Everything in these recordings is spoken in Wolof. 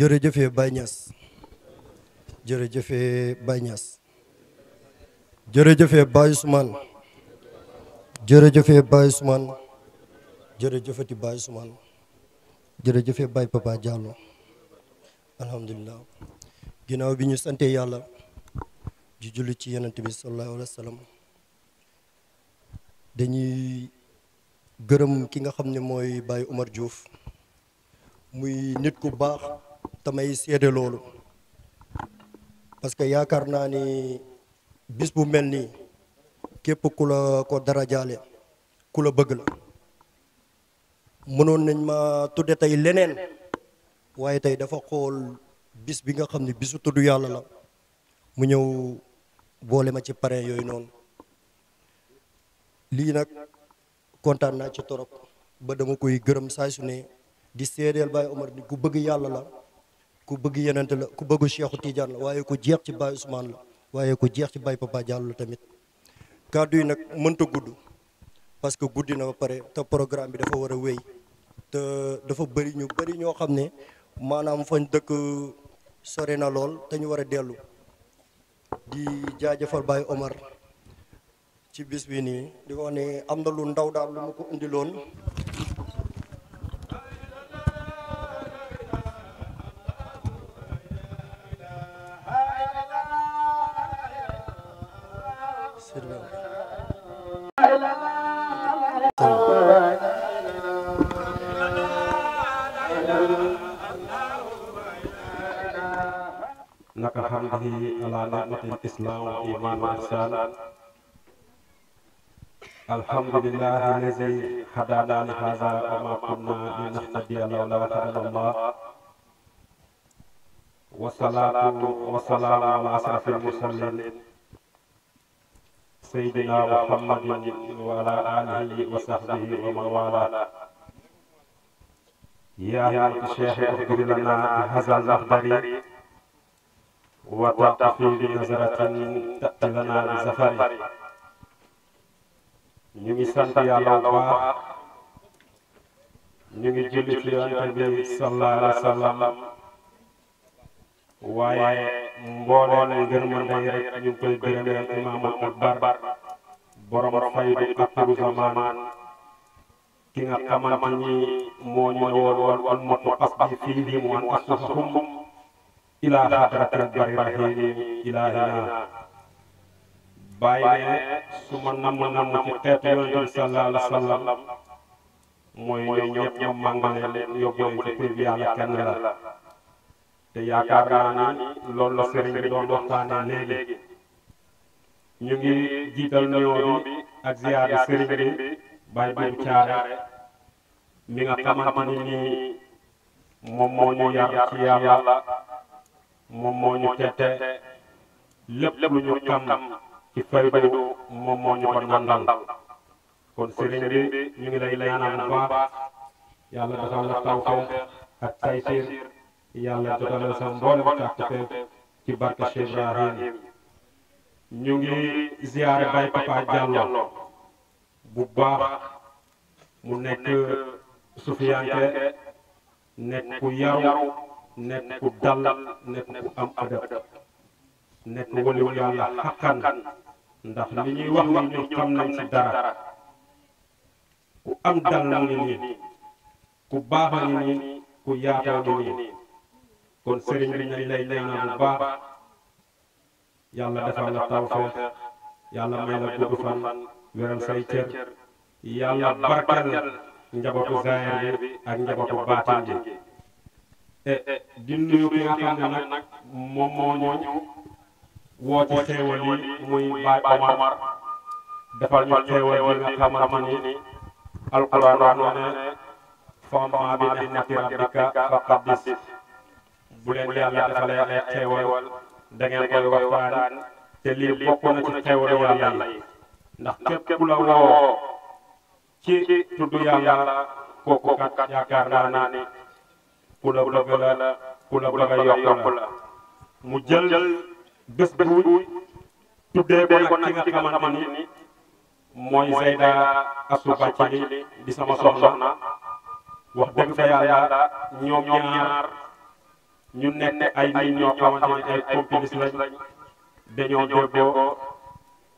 jërëjëfee Baye Niass jërëjëfee Baye Niass jërëjëfee Baye Ousmane jërëjëfee Baye Ousmane jërëjëfati Baye Ousmane jërëjëfee Baye Papa Diallo alhamdulilah ginnaaw bi ñu sante yàlla ju julli ci yonent bi sallallahu alayhi wa sallam dañuy gërëm ki nga xam ne mooy Baye Omar Diouf muy nit ku baax tamay sédé lolu parce que yaakaar ni bis bu melni képp ku la ko darajaale ku la bëgg la mënon nañ ma tuddé tay lenen waaye tay dafa xol bis bi nga xamni bisu tuddu yalla la mu ñëw bolé ma ci paré yoy non li nak contane na ci torop ba dama koy gëreum su di sédel bay Omar ni ku bëgg yalla la ku bëgg yenente la ku bëgg cheikh tidiane la waaye ku jeex ci baye ousmane la ku jeex ci baye papa Diallo la tamit kaddu yi nak mënta gudd parce que guddi na ba pare te programme bi dafa wara wéy te dafa bëri ñu bëri ño xamné manam fañ dëkk sore na lool te ñu wara déllu di jaajeufal Baye Omar ci bis bi ni di wax ne am na lu ndaw daal lu lool لك على نعمة الإسلام والإيمان والإحسان الحمد لله الذي هدانا لهذا وما كنا لنهتدي لولا هدانا الله والصلاة والسلام على أشرف المرسلين سيدنا محمد وعلى آله وصحبه ومن والاه يا الشيخ اغفر لنا هذا الأخضر وتعطفي بنظرة تأتي لنا بزفر نيجي سانت يا الله نمي جلت لي أنت صلى الله عليه وسلم waaye mbooleem gën mën day rek ñu koy gërëmee imaam al bar borom faydu aktaru zamaan ki nga xamante ni moo ñu woon woon woon motu pas bi fii di mu an asasum ilaa xadratil bari rahim ilaahina bàyyi ne su nam nam ci yoon sallallahu ci bi kenn la te yaakaar naa ni loolu sëriñ bi doon waxtaane léegi ñu ngi jiital nuyoo bi ak ziyaare sëriñ bi Baye Boun Thiaré mi nga xamante ni moom moo ñu yar ci yàlla moom moo ñu tette lépp lu ñu xam ci ko nandal kon sëriñ ñu ngi lay ñaanal bu baax yàlla defal la taw taw ak taysiir yàlla jotalal a mboolem càkkute ci barke Cheikh Ibrahim ñu ngi ziyaare Baye Papa Diallo bu baax mu nekk sufiyanke nekk ku yaru nekk ku dal nekk ku am adab nekk waliwu yàlla xaqan ndax li ñuy wax ni ñu xam nañ ci dara ku am dal mu ngi nii ku baax a nii ku yaata ngi nii kon sëriñ bi nañ lay ñaanal bu baax yàlla defal la tawfeex yàlla may la gudd fan wéral say cër yàlla barkal njabootu zaahir bi ak njabootu baatin bi e, e, di nuyu ki nga nag moom woo ci xéewal yi muy Baay Omar defal ñu xéewal yi nga xamante ni alquran wax na ne fondement bi ni'mati rabbika faqaddis bu leen yàlla defalee xeewal da ngeen koy waxtaan te lii bokk na ci xeewalu yàlla yi ndax képp ku woo ci tudd yàlla kooku kat yaakaar naa ni a mu jël bés bu tuddee ko nag ki nga xamante ni mooy Zeyda Astou Bathily di sama soxna wax dëgg fa yàlla ñoom ñaar ñu nekk ay nit ñoo xamante ne ay complice lañ dañoo déggoo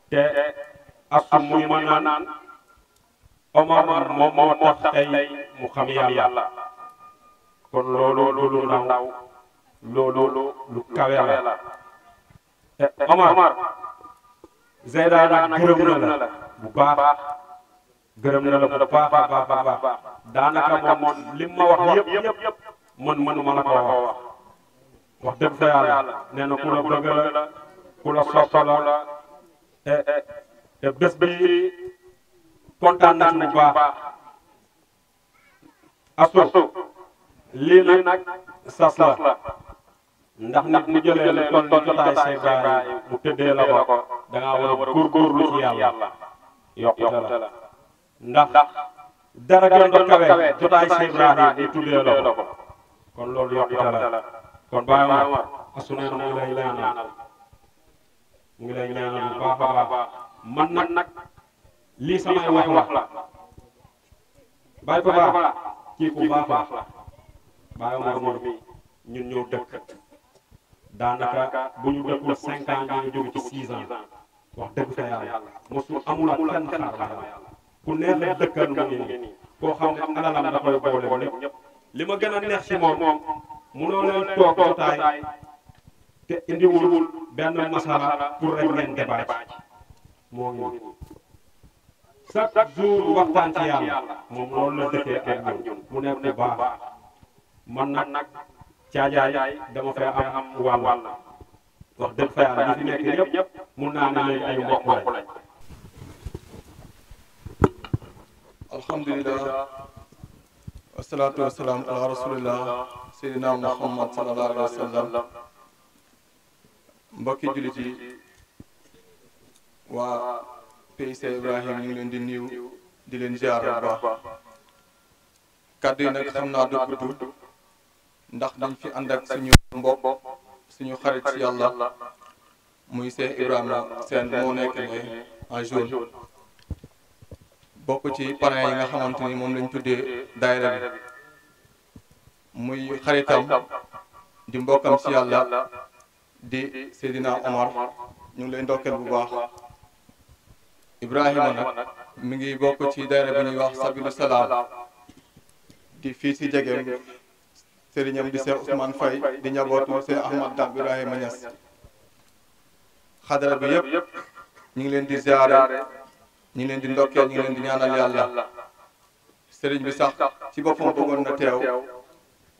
te ak muy ma naan Omar moom moo tax mu xam yàlla kon loolu lu ndaw loolu lu kawe la eh, Omar Zeyda nag gërëm na la bu baax gërëm na la bu baax baax baax daanaka moom ma wax yëpp yëpp man mënuma la ko wax wax dëgg fa yàlla nee na ku la bëgg la ku la sopp la te te bés bi kontaan nañ bu baax astu lii nag sas la ndax nit mu jëlee lu toll ni jotaay say baay mu tëddee la ko da war a góorgóorlu ci yàlla yokkute la ndax dara gën a kawe jotaay say Ibrahim mu la ko kon loolu yokkute la kon Baye Omar Assouneur mu ngi lay ñaanal mu ngi lay ñaanal bu baax a baax man nag lii samay wax wax la Baye Papa kii ku baax la Baye Omar moom ñun ñoo dëkk daanaka bu ñu dëkkul cinq ans ñu jóg ci six ans wax dëgg fa yàlla mosul amul ak kenn xaar yàlla ku neex dëkkal mu ngi nii koo xam ne alalam da koy boole lépp li ma gën a neex ci moom mënoo leen toog tootaay te indiwul benn masala pour rek ngeen débat moo ngi moom loolu dëkkee ak mu nekk bu baax man nag caajaay dama fay am wàll wax dëgg fa yàlla nekk ñëpp mun naa ne léegi ay mbokk lañ alhamdulilah wasalaatu wasalaam ala rasulillah seydina muhammad sallallahu alayhi wa sallam mbokki jullit yi waa PIC Ibrahim ñu ngi leen di nuyu di leen ziar bu baax kàddu yi nag xam naa du gudd ndax dañ fi ànd ak suñu mbokk suñu xarit si yàlla muy Cheikh Ibrahima Sène moo nekk ne en jaune bokk ci parrain yi nga xamante ni lañ tuddee daayira bi muy xaritam di mbokkam ci yàlla di Seydina Omar ñu ngi lay ndokkeel bu baax Ibrahima nag mu ngi bokk ci daayira bi ñuy wax Sabilu Salaam di fii si jegeem sëriñam di Cheikh Ousmane Faye di njabootu Cheikh Ahmad Dam Ibrahima Niass xadara bi yëpp ñu ngi leen di ziare ñu leen di ndokkeel ñu ngi leen di ñaanal yàlla sëriñ bi sax ci boppam bëggoon na teew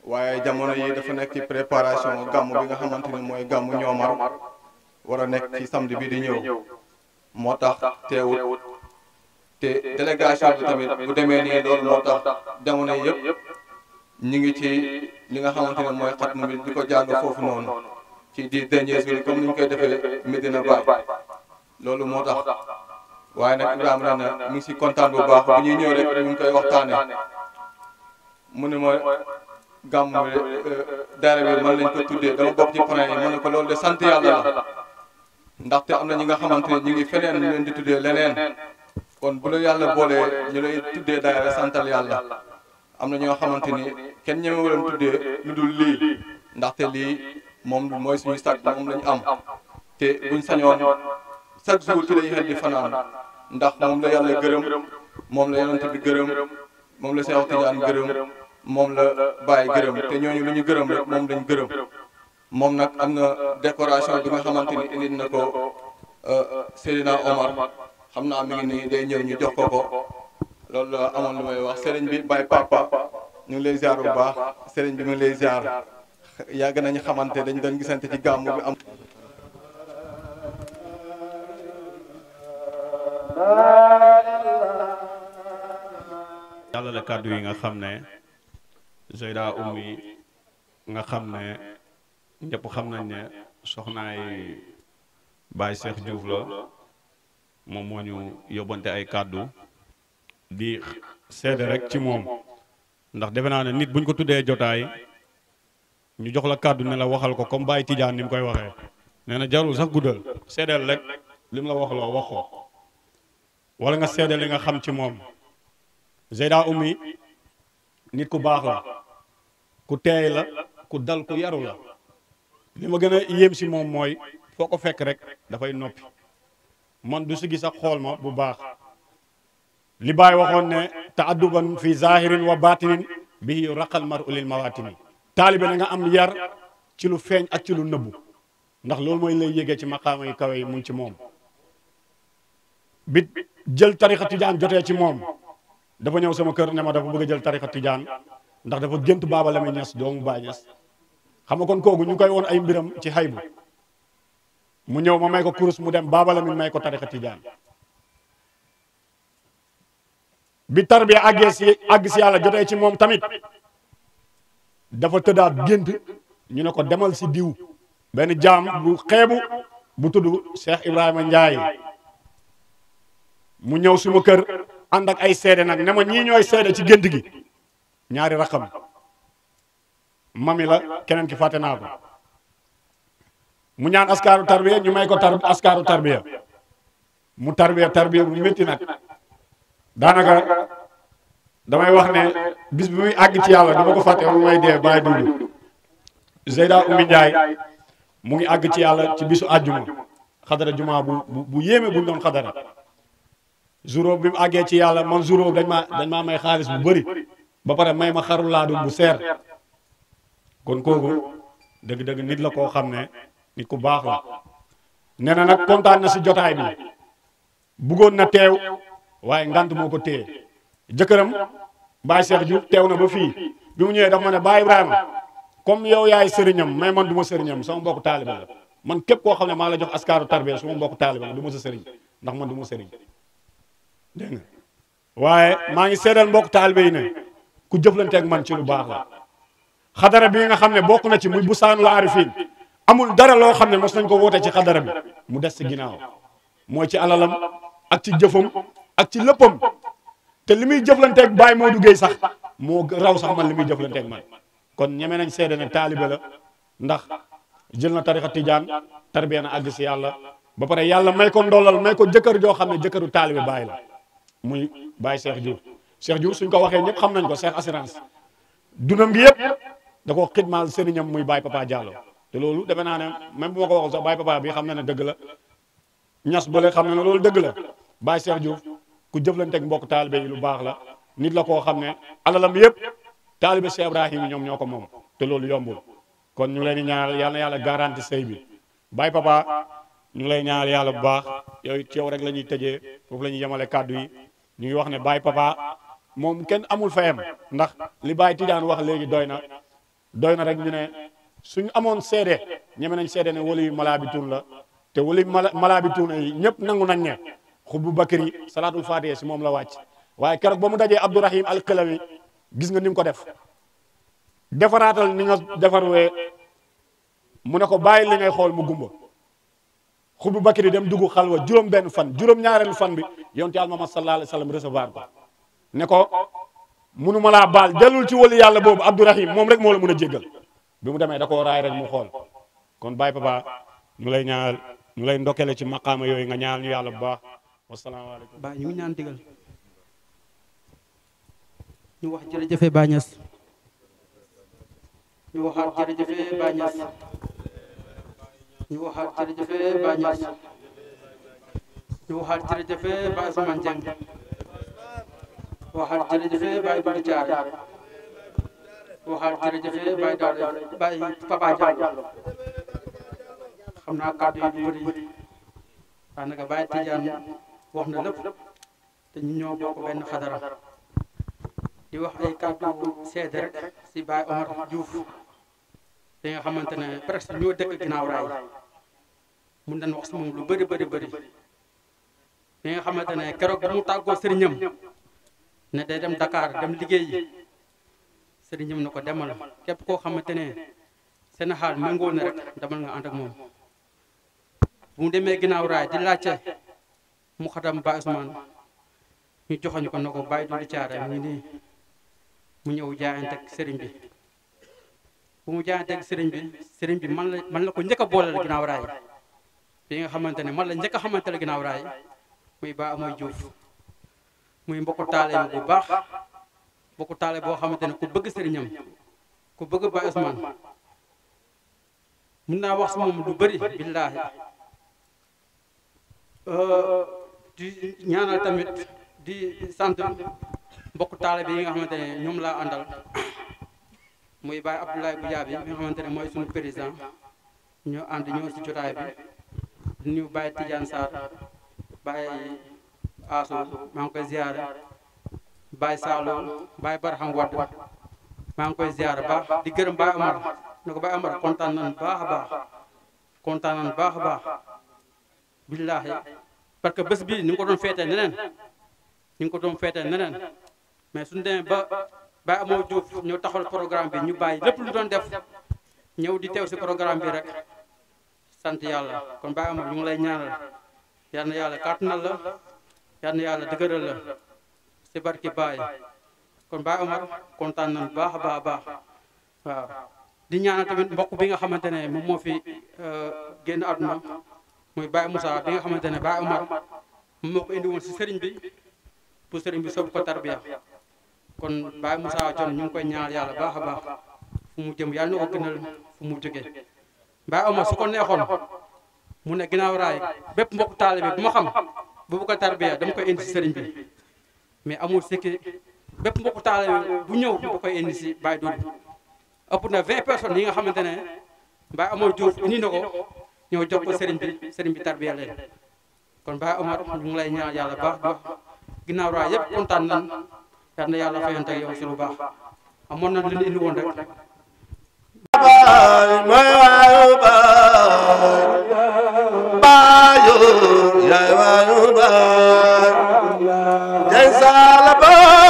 waaye jamono yi dafa nekk ci préparation gàmm bi nga xamante ni mooy gàmmu ñoomar war a nekk ci samd bi di ñëw moo tax teewut te délégation bi tamit bu demee nii loolu moo tax jamono yi yëpp ñu ngi ci li nga xamante ne mooy xatmu bi di ko jàng foofu noonu ci di dernier bi comme ni ñu koy defee Medina Baye loolu moo tax waaye nag Ibrahima ren na mu ngi ci kontaan bu baax bu ñuy ñëw rek ñu ngi koy waxtaanee mu ne ma gàmmu euh, euh, daara bi mën lañ ko tuddee dama bokk ci point yi mën na loolu de sant yàlla la ndaxte am na ñi nga xamante ne ñu ngi feneen ñu leen di tuddee leneen kon bu la yàlla boolee ñu lay tuddee daara santal yàlla am na ñoo xamante ni kenn ñemewu leen tuddee lu dul lii ndaxte lii moom mooy suñu sàkk moom lañu am te buñ sañoon chaque jour ci lañu xel di fanaan ndax moom la yàlla gërëm moom la yonent bi gërëm moom la Seex Tijaan gërëm moom la bàyyi gërëm te ñooñu lu ñu gërëm rek moom lañ gërëm moom nag am na décoration bi nga xamante ni indi na ko euh, Seydina Omar xam naa mi ngi nii day ñëw ñu jox ko ko loolu la amoon lu may wax sëriñ bi Baye Papa ñu ngi lay ziar bu baax sëriñ bi mu ngi lay ziar yàgg nañu xamante dañ doon gisante ci gàmmu bi am. yàlla la kàddu yi xam ne. Zeyda ummi nga xam ne ñëpp xam nañ ne soxnaay Baye Cheikh Diouf la moom moo ñu yobante ay kàddu di seede rek ci moom ndax defe naa ne nit buñ ko tuddee jotaay ñu jox la kàddu ne la waxal ko comme Baye Tidiane ni mu koy waxee nee na jarul sax guddal seedeel rek li mu la wax wax ko wala nga seedeel li nga xam ci moom Zeyda ummi nit ku baax la ku teey la ku dal ku yaru la li ma gën a yéem si moom mooy foo ko fekk rek dafay noppi man du si gis ak xool ma bu baax li baay waxoon ne taadduban fi zahirin wa batinin bi raqal mar ulil mawatini taalibe na nga am yar ci lu feeñ ak ci lu nëbbu ndax loolu mooy lay yégee ci maqaama yu kawe yi mu ngi ci moom bi jël tarixa tijaan jotee ci moom dafa ñëw sama kër ne ma dafa bëgg jël tarixa tijaan ndax dafa gentu baba lamay ñass doomu Baay Ñas xam nga kon kooku ñu koy ay mbiram ci haybu mu ñew ma may ko kurus mu dem baba Lamin may ko tarixa tidian bi tarbiya àggee si àgg si yàlla ci mom tamit dafa tëddaat gént ñu ne ko demal si diw ben jam bu xébu bu tuddu Cheikh Ibrahima Ndiaye mu ñew suma kër ànd ak ay sédé nak néma ñi ñoy sédé ci gi ñaari raqam mami la keneen ki fàtte naa ko mu ñaan askaaru tarbiya ñu may ko tar askaaru tarbiya mu tarbiya tarbiya bu métti nag daanaka damay wax ne bis bi muy àgg ci yàlla dama ko fàtte mu may dee bàyyi duudu Zeyda Umi Ndiaye mu ngi àgg ci yàlla ci bisu àjjuma xadara juma bu bu yéeme bu ñu xadara juróom bi mu àggee ci yàlla man juróom dañ maa dañ maa may xaalis bu bari ba pare may ma xaru laadum bu seer kon kooku dëgg-dëgg nit la koo xam ne nit ku baax la nee nag kontaan na si jotaay bi buggoon na teew waaye ngant moo ko téye jëkkëram Baye Cheikh Diouf teew na ba fii bi mu ñëwee dafa ma ne Baye Ibrahima comme yow yaay sëriñam mais man du ma sëriñam sama mbokk taaliba la man képp koo xam ne maa la jox askaaru tarbiya su ma mbokk taaliba la du ma sëriñ ndax man du ma sëriñ waaye maa ngi seedal mbokk taaliba yi ne ku jëflanteeg man ci lu baax la xadara bii nga xam ne bokk na ci muy busaanul arifin amul dara loo xam ne mos nañ ko woote ci xadara bi mu des ci ginnaaw mooy ci alalam ak ci jëfam ak ci léppam te li muy jëflanteeg Baye Modou Gueye sax moo raw sax man li muy jëflanteeg man kon ñeme nañ seede ne taalibe la ndax jël na tarixa tijaan tarbiya na àgg si yàlla ba pare yàlla may ko ndollal may ko jëkkër joo xam ne jëkkëru taalibe Baye la muy Baye Cheikh Cheikh Diouf suñ ko waxee ñëpp xam nañ ko Cheikh assurance dunam gi yëpp da ko xidmaal sëriñam muy Baye Papa Diallo te loolu defe naa ne même bu ma ko waxul sax Baye Papa bi xam na ne dëgg la ñas bële xam na ne loolu dëgg la Baye Cheikh Diouf ku jëflanteeg mbokk taalibe yi lu baax la nit la koo xam ne alalam yëpp taalibe Cheikh Ibrahim ñoom ñoo ko moom te loolu yombul kon ñu leen di ñaanal yal yàlla garanti sëy bi Baye Papa ñu lay ñaanal yàlla bu baax yooyu ci yow rek la ñuy tëjee foofu la ñuy yemale kàddu yi mom ken amul fayam ndax li Baye Tidiane wax legui doyna doyna rek ñu ne suñu amone seede ñeme nañ seede ne wali malaa la te wali mala ay bi ñëpp nangu nañ ne xubbu bakri salaatul fatiha si moom la wàcc waye kërok ba mu dajee Abdourahim al Qalawi gis nga nim ko def defaratal ni nga defar we mu ne ko bay li ngay xol mu gumba xubbu bakri dem duggu xalwa juróom ben fan juróom ñaarel fan bi yonte yàlla Muhammad sallallahu alaihi wasallam recevoir ko ne ko munuma laa bal delul ci wali yalla bobu abdourahim mom rek mo la meuna djegal bi mu demé da ko ray rek mu xol kon baay papa ñu lay ñaanal ñu lay ndokelé ci maqama yoy nga ñaanal ñu yalla bu baax alaykum ba ñu ngi ñaan digal ñu wax jere Baay bañas ñu wax jere Baay bañas ñu wax jere Baay bañas ñu waxaat jërëjëfe Baay Asamaan Jeng ਉਹ ਹਰ ਜਰੇ ਬਾਈ ਬਣ ਚਾਰੇ ਉਹ ਹਰ ਜਰੇ ਜਰੇ ਬਾਈ ਡਾਲੇ ਬਾਈ ਪਪਾ ਜਾਲੋ xamna kaddu yi bari wax naka baye tidiane wax na lepp te ñu ñoo bokk xadara di wax ay kaddu si baye omar diouf li nga xamantene presque ñoo dëkk ginaaw raay waktu dañ wax beri beri, lu bari bari bari li nga xamantene bu mu ne day dem Dakar dem liggéeyi sëriñ bi ne ko demal képp koo xamante ne seen xaal méngoo na rek demal nga ànd ak moom. bu mu demee ginnaaw raay di laajte mu xatam Baye Ousmane ñu joxoñ ko ne ko bàyyi du caara mu ngi nii mu ñëw jaayante sëriñ bi. bu mu jaayante ak sëriñ bi sëriñ bi man la man la ko njëkk a booleel ginnaaw raay bi nga xamante ne man la njëkk a xamante ne ginnaaw raay muy Ba Amoy Diouf. muy mbokku taaleem bu baax mbokku taale boo xamante ne ku bëgg sëriñam ku bëgg Baye Ousmane mun naa wax si moom lu bëri billaahi di ñaanal tamit di sant mbokku taale bi yi nga xamante ne ñoom laa àndal muy Baye Abdoulaye Goudiaby bi nga xamante ne mooy suñu président ñoo ànd ñu si jotaay bi di nuyu Baye Tidiane Sarr Asu maa ngi koy ziyaare baay Saalum Baye Barham Wadd maa ngi koy ziyaare baax di gërëm Baye Amar ne ko Baye Amar kontaan nañu baax a baax kontaan nañu baax a baax billaahi parce que bés bii ni nga ko doon feetee neneen ni nga ko doon feetee neneen mais suñu demee ba Baye Amoo Diouf ñëw taxawal programme bi ñu bàyyi lépp lu doon def ñëw di teew si programme bi rek sant yàlla kon Baye Amoo ñu ngi lay ñaanal yal na la yal na yàlla dëgëral la si barki baay kon baay Omar kontaan nañu bu baax a baax a baax waaw di ñaanal tamit mbokk bi nga xamante ne moom moo fi euh, euh, génn àdduna muy baay Moussa bi nga xamante ne baay Omar moom moo si sëriñ bi pour sëriñ bi soobu ko tarbiya kon baay Moussa Jon ñu ngi koy ñaanal yàlla baax a baax fu mu jëm yàlla na ko gënal fu mu jógee baay Omar su ko neexoon mu ne ginnaaw raay bépp mbokk taalibe bi bu xam bu bu ko tarbiya dama koy indi si sëriñ bi mais amul sikki bépp mbokku taale bu ñëw da koy indi si Baye a ëpp na 20 personnes yi nga xamante ne Baye Omar Diouf indi na ko ñëw jox ko sëriñ bi sëriñ bi tarbiya leen kon Baye Omar ñu ngi lay ñaan yàlla baax di wax ginnaaw raay yëpp kontaan nan yal na yàlla fayante ak yow si a baax amoon na lu ñu indi woon rek. la ba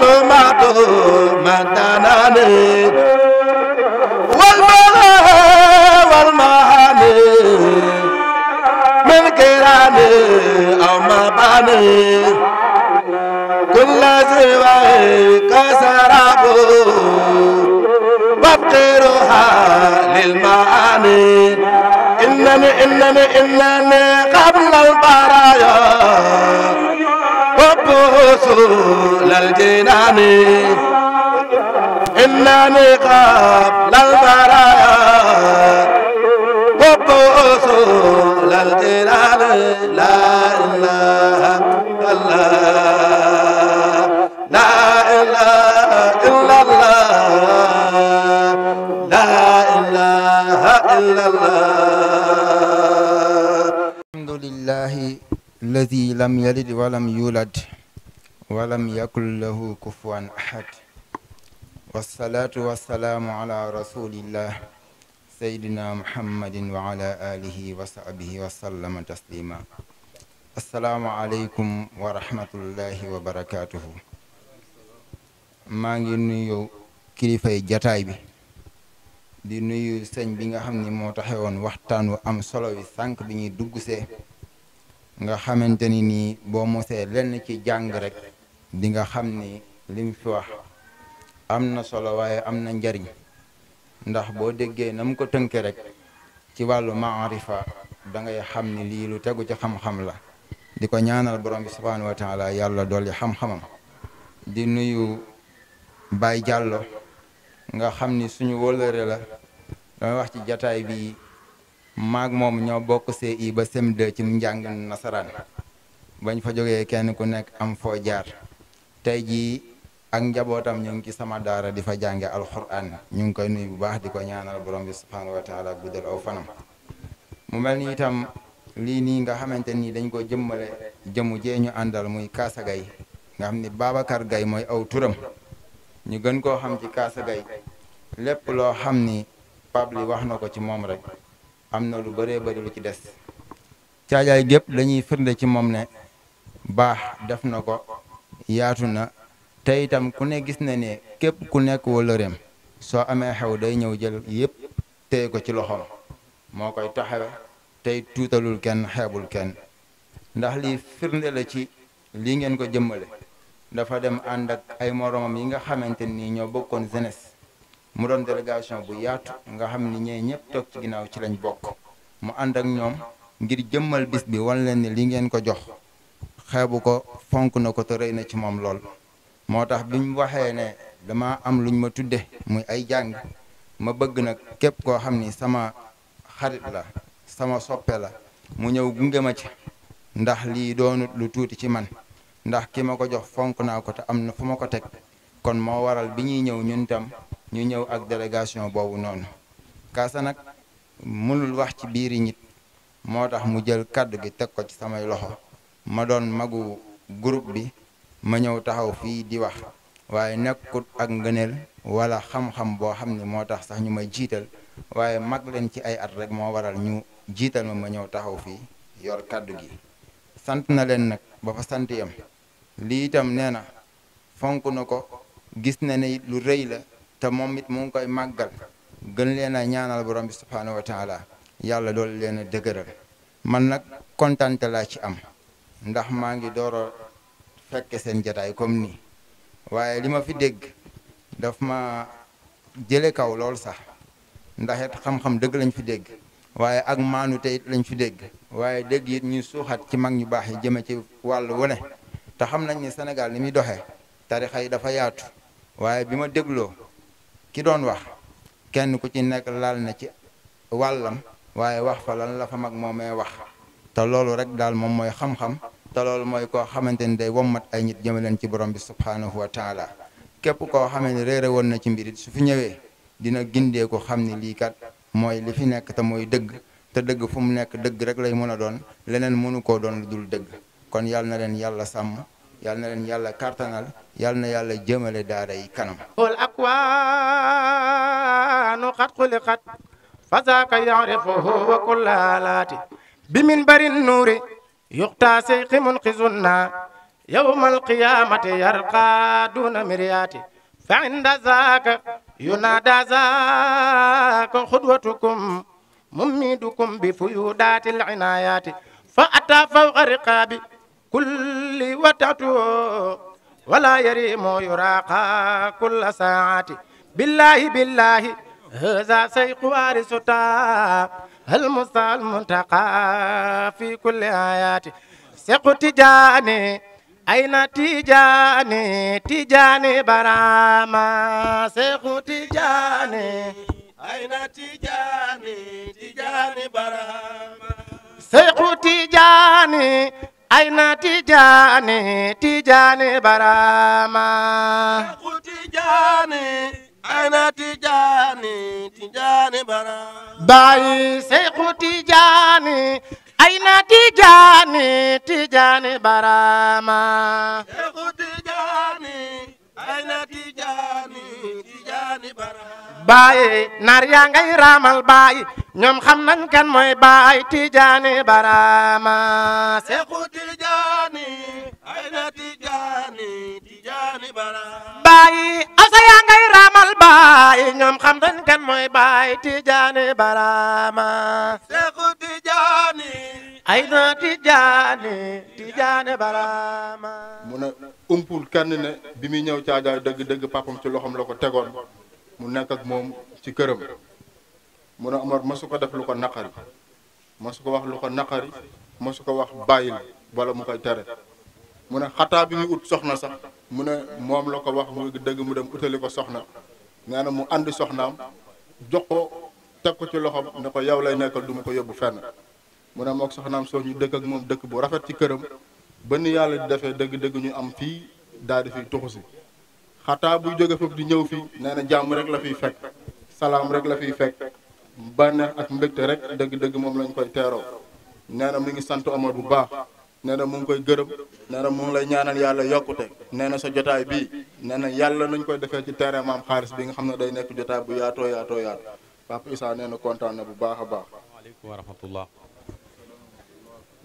ظلمات من تناني والماء والمعاني من كيراني أو مباني كل سواي كسراب وابقرها للمعاني إنني إنني إنني قبل البرايا وصول الجنان إنني قبل البرايا حب وصول الجنان لا إله إلا الله لا إله إلا الله لا إله إلا الله الحمد لله الذي لم يلد ولم يولد walam yakul lahu kufuwan ahad wassalaatu wassalaamu ala rasulillah seydina muhammadin wa ala alihi wa sahbihi wa sallama taslima assalaamu aleykum wa rahmatullahi wa barakatuhu maa ngi nuyu kilifay jataay bi di nuyu sëñ bi nga xam ne moo taxewoon waxtaan wu am solo wi sànq bi ñuy dugg see nga xamante ni nii boo mosee lenn ci jàng rek di nga xam ni lim fi wax am na solo waaye am na njariñ ndax boo déggee na ko tënke rek ci wàllu maarifa da ngay xam ni lii lu tegu ci xam-xam la di ko ñaanal borom bi subhaanahu wa la yàlla dolli xam-xamam di nuyu bay jàllo nga xam ni suñu wóllëre la damay wax ci jataay bi maag moom ñoo bokk CI ba sem 2 ci njàng nasaraan bañ fa jógee kenn ku nekk am foo jaar tey jii ak njabootam ñu ngi ci sama daara di fa jànge alxuraan ñu ngi koy nuyu bu baax di ko ñaanal borom bi subhaanahu wa taala guddal aw fanam mu mel ni itam lii nii nga xamante nii dañ ko jëmmale jëmu jee ñu àndal muy Kaasa Gaye nga xam ni Babacar gay mooy aw turam ñu gën koo xam ci Kaasa Gaye lépp loo xam ni Pabli wax na ko ci moom rek am na lu bëree bëri lu ci des caajaay gépp dañuy firnde ci moom ne baax def na ko yaatu na te itam ku ne gis na ne képp ku nekk wëllëreem soo amee xew day ñëw jël yépp téye ko ci loxoom moo koy taxawe tey tuutalul kenn xeebul kenn ndax lii firnde la ci lii ngeen ko jëmmale dafa dem ànd ak ay moromam yi nga xamante nii ñoo bokkoon jeunesse mu doon délégation bu yaatu nga xam ni ñee ñëpp toog ci ginnaaw ci lañ bokk mu ànd ak ñoom ngir jëmmal bis bi wan leen ni li ngeen ko jox xeebu ko fonk na ko te rëy na ci moom lool moo tax bi mu waxee ne dama am luñ ma tudde muy ay jàng ma bëgg nag képp koo xam ni sama xarit la sama soppe la mu ñëw gunge ma ci ndax lii doonut lu tuuti ci man ndax ki ma ko jox fonk naa ko te am na fu ma ko teg kon moo waral bi ñuy ñëw ñun tam ñu ñëw ak délégation boobu noonu kaasa nag mënul wax ci biir biiri nit moo tax mu jël kàddu gi teg ko ci samay loxo ma doon magu groupe bi ma ñëw taxaw fii di wax waaye nekkut ak ngëneel wala xam-xam boo xam ne moo tax sax ñu ma jiital waaye mag leen ci ay at rek moo waral ñu jiital ma ma ñëw taxaw fii yor kàddu gi sant na leen nag ba fa sant yam lii itam nee na fonk na ko gis na ne lu rëy la te moom it mu ngi koy màggal gën leen a ñaanal borom bi subhaanahu wa yàlla doolu leen a dëgëral man nag kontaante laa ci am ndax maa ngi door a fekke seen jataay comme nii waaye li ma fi dégg daf ma jële kaw lool sax ndaxit it xam-xam dëgg lañ fi dégg waaye ak maanu te lañ fi dégg waaye dégg it ñuy suuxat ci mag ñu baax yi jëme ci wàll wu ne te xam nañ ni senegal ni muy doxee tarixa yi dafa yaatu waaye bi ma dégloo ki doon wax kenn ku ci nekk laal na ci wàllam waaye wax fa lan la fa mag moomee wax te loolu rek daal moom mooy xam-xam te loolu mooy koo xamante ni day wommat ay nit jëme ci borom bi subhaanahu wa képp koo xamee ne réere woon na ci mbir it su fi ñëwee dina gindee ko xam ne lii kat mooy li fi nekk te mooy dëgg te dëgg fu mu nekk dëgg rek lay mën a doon leneen mënu koo doon lu dul dëgg kon yal na leen yàlla sàmm yal na leen yàlla kartanal yal na yàlla jëmale daara yi kanam wal akwaanu xat xuliqat fa zaaka yarifuhu wa kullaalaati بمنبر النور يقطع سيق منقذنا يوم القيامة يرقى دون مريات فعند ذاك ينادى ذاك خدوتكم مميدكم بفيودات العنايات فأتى فوق رقاب كل وتعتو ولا يريم يراقى كل ساعات بالله بالله هذا سيق وارثتا hal musal muntaqa fi kulli ayati sequ tijaani ayna tijaani tijaani barama sequ tijaani ayna tijaani tijaani barama sequ tijaani ayna tijaani tijaani barama sequ tijaani ana tijaani tijaani bara bàyyi seexu tijaani tijaani tijaani barama tijaani tijaani tijaani barama bàyyi yaa ngay raamal bàyyi ñoom xam nañ kan mooy bàyyi tijaani barama seexu tijaani ayna tijaani tijaani barama baay ñoom xam nañ kan mooy baay Tijaani Barama Seexu Tijaani ay na Tijaani Tijaani Barama mu umpul kenn ne bi muy ñëw caajaay dëgg dëgg papam ci loxom la ko tegoon mu nekk ak moom ci këram mu ne Omar masu ko def lu ko naqari masu ko wax lu ko naqari masu ko wax bàyyil wala mu koy tere mu xataa bi mu ut soxna sax mu ne moom la ko wax mu dëgg mu dem utali ko soxna nee na mu ànd soxnaam jox ko teg ko ci loxoom ne ko yow lay nekkal du ma ko yóbbu fenn mu ne mook soxnaam soo ñu dëkk ak moom dëkk bu rafet ci këram ba ni yàlla di defee dëgg-dëgg ñu am fii daal fi fiy tuxu si xataa buy jóge foofu di ñëw fii nee na jàmm rek la fiy fekk salaam rek la fiy fekk bànneex ak mbégte rek dëgg-dëgg moom lañ koy teeroo nee na mi ngi sant Omar bu baax nee mu ngi koy gërëm nee na mu ngi lay ñaanal yàlla yokkute nee na sa jotaay bii nee na yàlla nañ koy defee ci terrain maam xaalis bi nga xam ne day nekk jotaay bu yaatoo yaatoo yaatu Papa Issa nee na kontaan bu baax a baax. waaleykum wa rahmatullah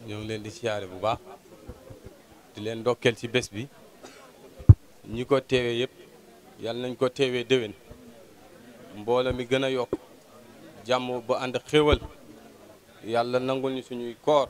ñoo ngi leen di siyaare bu baax di leen ndokkeel ci bés bi ñi ko teewee yëpp yàlla nañ ko teewee déwén mbooloo mi gën a yokk jàmm bu ànd xéwal yàlla nangul suñuy koor.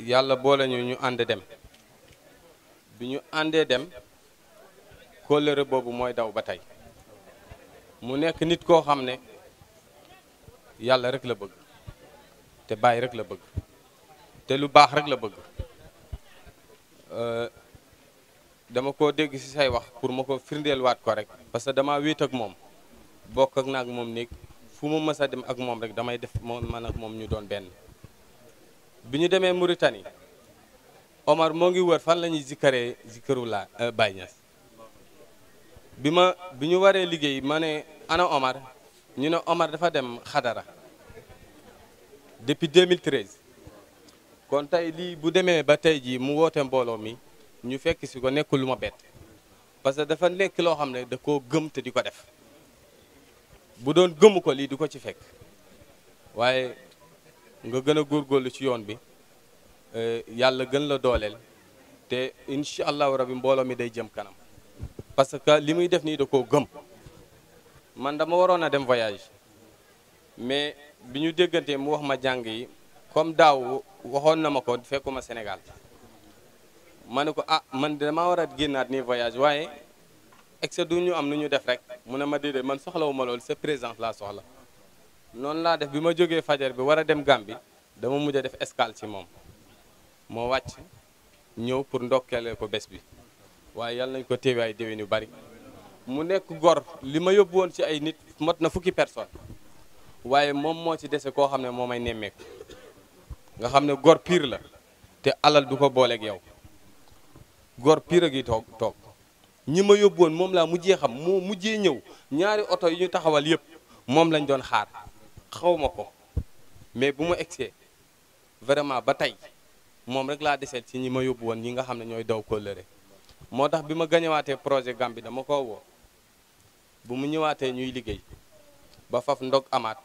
yàlla boole ñu ñu ànd dem bi ñu àndee dem kóllëre boobu mooy daw ba tey mu nekk nit koo xam ne yàlla rek la bëgg te bàyyi rek la bëgg te lu baax rek la bëgg euh, dama ko dégg ci say wax pour ma ko firndeel waat ko rek parce que dama wéet ak moom bokk ak naag moom néeg fu mu mës dem ak moom rek damay def moom man ak moom ñu doon benn bi ñu demee Mauritanie Omar moo ngi wër fan la ñuy zikkaree zikkaru la euh, Baye bi ma bi ñu waree liggéey ma ne ana Omar ñu ne Omar dafa dem xadara depuis 2013 kon tey lii bu demee ba tey jii mu woote mbooloo mi ñu fekk si ko nekkul lu ma bett parce que dafa nekk loo xam ne da koo gëm te di ko def bu doon gëmu ko lii du ko ci fekk waaye nga gën góor góorgóorlu ci yoon bi eh, yàlla gën la dooleel te incha allahu bi mbooloo mi day jëm kanam parce que li muy def nii da koo gëm man dama waroon a dem voyage mais bi ñu déggante mu wax ma jàng yi comme daaw waxoon na ma ko fekkuma Sénégal ma ne ko ah man dama war a génnaat nii voyage waaye excès du ñu am nu ñu def rek mun ne ma déedéet man soxlawu ma lool sa présence laa soxla noonu laa def bi ma jógee fajar bi war a dem Gàmbi dama mujj a def escale ci moom moo wàcc ñëw pour ndokkeele ko bes bi waaye yàlla nañ ko téewe ay déwén yu bari mu nekk gor li ma yóbbu woon ci ay nit mot na fukki personne waaye moom moo ci dese koo xam ne moo may nemmeek nga xam ne gor piir la te alal du ko booleek yow gor piir gi toog toog ñi ma yóbbu woon moom laa mujjee xam moo mujjee ñëw ñaari oto yi ñu taxawal yëpp moom lañ doon xaar xawma ko mais bu ma egsee vraiment ba tey moom rek laa deseel ci ñi ma yóbbu woon ñi nga xam ne ñooy daw kóllëre moo tax bi ma gañewaatee projet Gambie dama ko woo bu mu ñëwaatee ñuy liggéey ba faf ndog amaat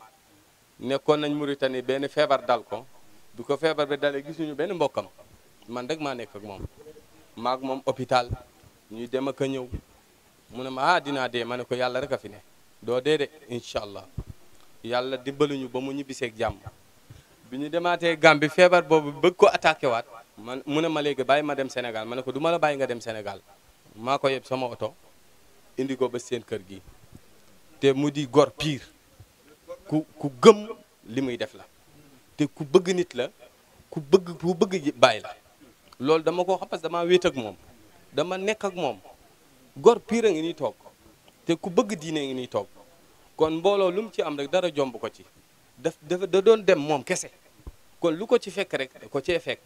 nekkoon nañ Mauritanie benn feebar dal ko bi ko feebar bi dalee gisuñu benn mbokkam man rek maa nekk ak moom maag moom hôpital ñuy dem ak a ñëw mu ne ma ah dinaa dee ma ne ko yàlla rek a fi ne doo dee de incha allah yàlla ñu ba mu ñibbiseeg jàmm bu ñu demaatee Gambie feebar boobu bëgg ko attaqué waat man mu ne ma léegi bàyyi ma dem Sénégal ma ne ko du ma la bàyyi nga dem Sénégal maa ko yeb sama oto indi ko ba seen kër gi te mu di gor piir ku ku gëm li muy def la te ku bëgg nit la ku bëgg ku bëgg bàyyi la loolu dama ko xam parce damaa wéet ak moom dama nekk ak moom gor pire a ngi ni toog te ku bëgg diine ngi nii toog kon mbooloo lu mu ci am rek dara jomb ko ci daf dafa da doon dem moom kese kon lu ko ci fekk rek ko cee fekk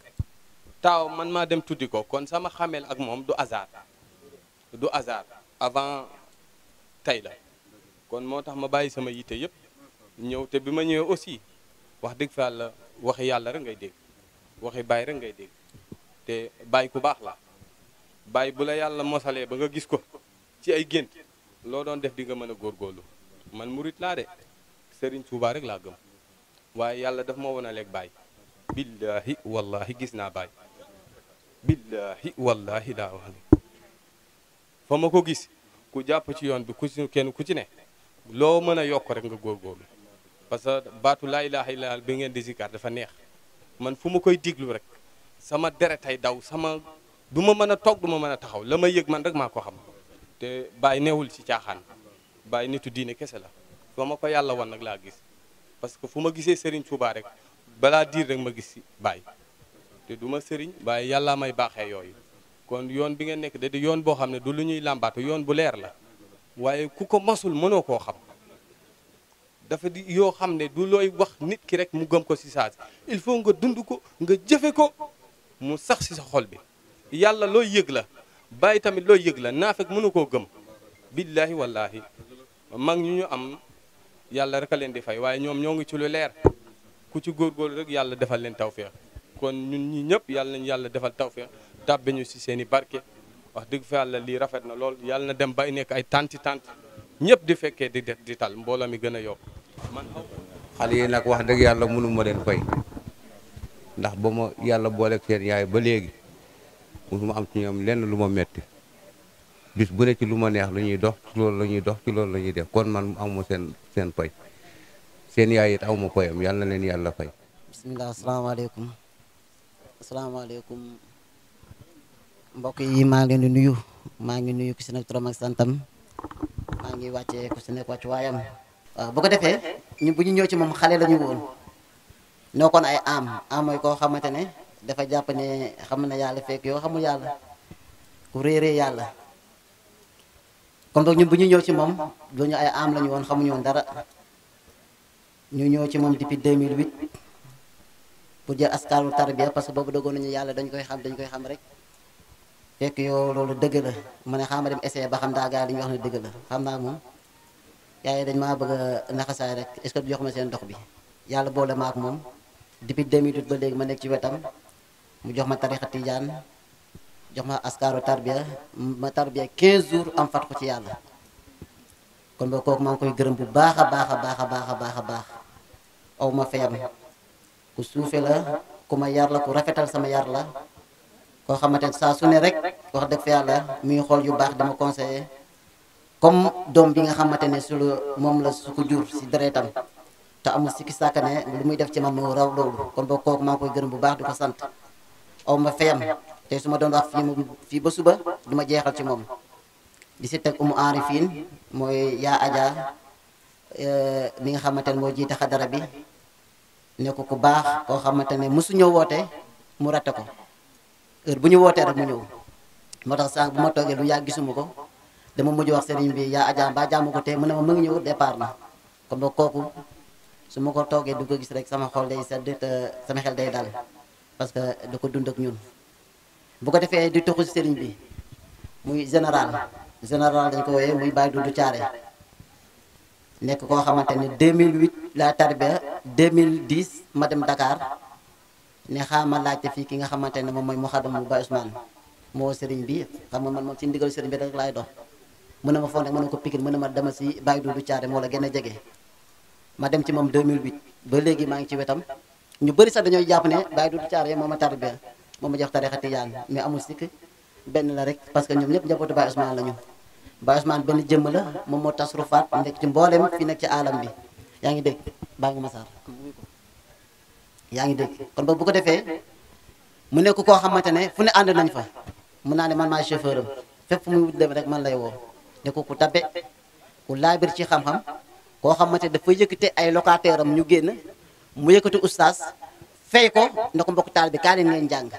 taaw man maa dem tuddi ko kon sama xamel ak moom du hasard du hasard avant tey la kon moo tax ma bàyyi sama yitte yëpp ñëw te bi ma ñëwee aussi wax dëgg fa yàlla waxi yàlla rek ngay dégg waxi bàyyi rek ngay dégg te bàyyi ku baax la bàyyi bu la yàlla mosalee ba nga gis ko ci ay gént loo doon def di nga mën a góorlu man murit laa de sëriñ Touba rek laa gëm waaye yàlla daf ma wonaleeg baay billaahi wallaahi gis naa baay billaahi wallaahi laa wax fa ma ko gis ku jàpp ci yoon bi ku ci kenn ku ci ne loo mën a yokk rek nga góor parce que baatu laa ilaaha illallaah bi ngeen di zikar dafa neex man fu ma koy diglu rek sama deretay daw sama du ma mën a toog du ma mën a taxaw la ma yëg man rek maa ko xam te baay newul ci caaxaan bàyyi nitu diine kese la soo ma ko yàlla woon nag laa gis parce que fu ma gisee Serigne Touba rek balaa diir rek ma gis bàyyi te du ma Serigne bàyyi yàlla may baaxee yooyu kon yoon bi nga nekk da di yoon boo xam ne du lu ñuy làmbaatu yoon bu leer la waaye ku ko masul mënoo koo xam dafa di yoo xam ne du looy wax nit ki rek mu gëm ko si saa si il faut nga dund ko nga jëfe ko mu sax si sa xol bi yàlla looy yëg la bàyyi tamit looy yëg la naafek mënu koo gëm billaahi mag ñu ñu am yàlla rek a leen di fay waaye ñoom ñoo ngi ci lu leer ku ci góor góorgóorlu rek yàlla defal leen tawféex kon ñun ñi ñëpp yàlla nañu yàlla defal tawféex tàbbi ñu si seen barke wax dëgg fa yàlla lii rafet na lool yàlla na dem bay nekk ay tanti tanti ñëpp di fekkee di di tal mbooloo mi gën a yokk man xale yi nag wax dëgg yàlla mënu ma leen fay ndax ba ma yàlla booleeg seen yaay ba léegi mënu ma am ci ñoom lenn lu ma metti bis bu ne ci lu ma neex lu ñuy dox ci loolu la ñuy dox ci loolu la ñuy def kon man amuma seen seen pay seen yaay it awma payam yàlla leen yàlla fay. bisimilah asalaamaaleykum asalaamaaleykum mbokk yi maa ngi leen di nuyu maa ngi nuyu ku si nekk turam santam maa ngi wàccee ku si nekk wàccu waayam. waaw bu ko defee ñu bu ñu ñëw ci moom xale la woon noo kon ay am am koo xamante ne dafa jàpp ne xam na yàlla fekk yoo xamul yàlla ku réeree yàlla. kon boog ñun bu ñu ñëw ci moom duñu ay am lañu woon xamuñu woon dara ñu ñëw ci moom depuis 2008 pour jël askaaru tarbiya parce que boobu dëggoon nañu yàlla dañ koy xam dañ koy xam rek fekk yow loolu dëgg la ma ne xaama dem essayé ba xam daa gaa li ñu wax ne dëgg la xam naa moom yaaye dañ maa bëgg a naxasaay rek est ce jox ma seen dox bi yàlla boole ma ak moom depuis 2008 ba léegi ma nekk ci wetam mu jox ma tarixa tiijaan jox ma askaaru tarbiya ma tarbiya 15 jours am fat ko ci yàlla kon ba kooku maa ngi gërëm bu baax a baax a baax a baax a baax baax aw ma fayam ku suufe la ku ma yar la ku rafetal sama yar la koo xamante ne saa su ne rek wax dëgg yàlla muy xool yu baax dama conseillé doom bi nga xamante ne moom la su ko koy gërëm bu baax di ko sant aw ma fayam te su ma doon wax fii fii ba suba du ma jeexal ci moom di si teg umu enrifin mooy yaa aja bi eh, nga xamante ne moo jiite xadara bi nekk ku baax koo xamante ne mosu ñëw wootee mu ratte ko heure bu ñu wootee rek mu ñëw moo tax sànq bu ma toogee lu yàgg gisuma ko dama mujj wax sëriñ bi yaa aja mbaa jàmm ko tey mu ne ma mu ngi ñëw départ na kon ba kooku su ma ko toogee du ko gis rek sama xol day sedd te sama xel day daal parce que da ko dund ak ñun bu ko defee di tuxu sëriñ bi muy général général dañ ko wooyee muy Baye Doudou Thiaré nekk koo xamante ni 2008 laa tarbiya 2010 ma dem dakaar ne xaama laajte fii ki nga xamante ne moom mooy muxadam bu Baye Ousmane moo sëriñ bi xam nga man moom ci ndigal sëriñ bi rek laay dox mën na ma foog mën na ko pikir mën na ma demal si Baye Doudou Thiaré moo la gën a jege ma dem ci moom 2008 ba léegi maa ngi ci wetam ñu bëri sax dañooy jàpp ne Baye Doudou Thiaré moo ma tarbiya moom ma jox tarixa tijaan mais amul sikk benn la rek parce que ñoom ñëpp njabootu Baye Ousmane la ñu Baye Ousmane benn jëmm la moom moo tasrufaat nekk ci mboolem fi nekk ci alam bi yaa ngi dégg baa ngi masaar ngi dégg kon ba bu ko defee mu nekk koo xamante ne fu ne ànd nañ fa mun naa ne man maay chauffeur am fépp fu muy dem rek man lay woo nekk ku tabe ku laabir ci xam-xam koo xamante ne dafa yëkkate ay locataire am ñu génn mu yëkkati oustaz fay ko ne ko mbokk taal bi kaa leen ngeen jàng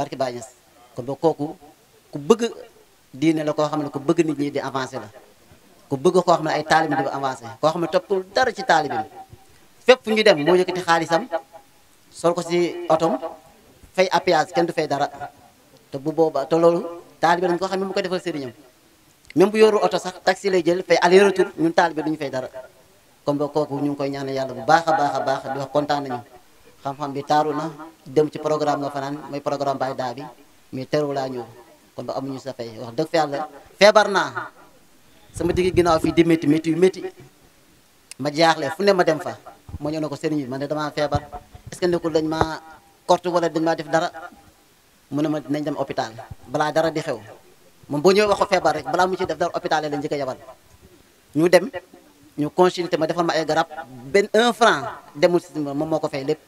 barki bañas ko do koku ku bëgg diiné la ko xamné ko bëgg nit ñi di avancer la ku bëgg ko xamné ay talib di ko xamné topul dara ci bi fepp ñu dem mo yëkëti xaalisam sol ko si otom fay apias kën du fay dara te bu boba te lolu talib dañ ko xamné mu ko defal sëriñam même bu yoru auto sax taxi lay jël fay aller retour ñun talib duñu fay dara ko mbokk ko ñu koy ñaanal yalla bu baaxa baaxa baaxa di wax nañu xam-xam bi taaru na dem ci programme nga fanaan mooy programme Baye daa bi mais teru laa ñëw kon ba amuñu sa fay wax dëgg fa yàlla feebar naa sama digg ginnaaw fii di métti métti yu métti ma jaaxle fu ne ma dem fa moo ñëw ne ko sëriñ ma ne damaa feebar est ce que nekkul dañ maa korte wala dañ maa def dara mu ne ma dinañ dem hôpital balaa dara di xew moom boo ñëwee wax ko feebar rek balaa mu ciy def dara hôpital la njëkk a ñu dem ñu consulté ma defal ma ay garab benn un franc demul si moom moo ko fay lépp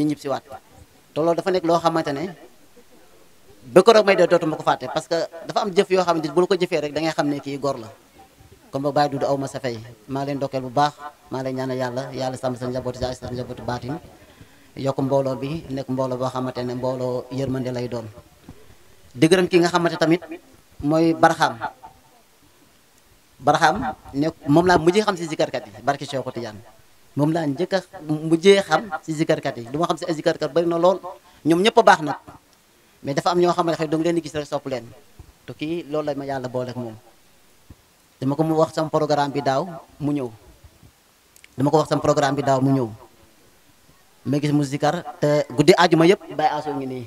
ñu ñib si waat dafa nekk loo xamante ne ba ko may dee dootuma ko fàtte parce que dafa am jëf yoo xamante bu la ko jëfee rek da xam ne kii góor la comme ba bàyyi dudu aw ma sa fay maa leen dokkeel bu baax maa leen ñaanal yàlla yàlla sàmm sa njabooti sa sa njabooti baatin yokk mbooloo bi nekk mbooloo boo xamante ne mbooloo yërmande lay doon di gërëm ki nga xamante tamit mooy barxaam barxaam nekk moom laa mujjee xam si zikarkat yi barki Cheikh moom laa njëkk a mujjee xam si zikarkat yi li ma xam si ay zikarkat bari na lool ñoom ñëpp a baax nag mais dafa am ñoo xam ne xëy danga leen di gis rek sopp leen te kii loolu la ma yàlla boole ak moom dama ko mu wax sam programme bi daaw mu ñëw dama ko wax sam programme bi daaw mu ñëw ma gis mu zikar te guddi ajuma yëpp bàyyi aasoo ngi nii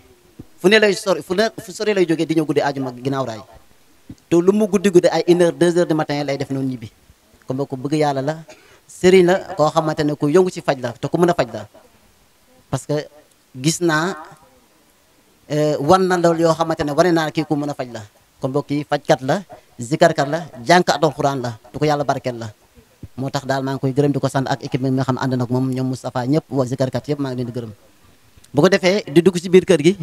fu ne lay sori fu ne fu sori lay jógee di ñëw guddi ajuma ginnaaw raay te lu mu guddi guddi ay une heure deux heures du lay def noonu ñibbi comme ko bëgg yàlla la sëriñ la koo xamante ne ku yëngu ci faj la te ku mën a faj la parce que gis naa euh, wan na loolu yoo xamante ne wane naa kii ku mën a faj la kon mbokk yi fajkat la zikarkat la jànk atul xuraan la du ko yàlla barkeel la moo tax daal maa ngi koy gërëm di ko sant ak équipe bi nga xam ànd nag moom ñoom Moustapha ñëpp waa zikarkat yëpp maa ngi ko defee di dugg ci biir kër gi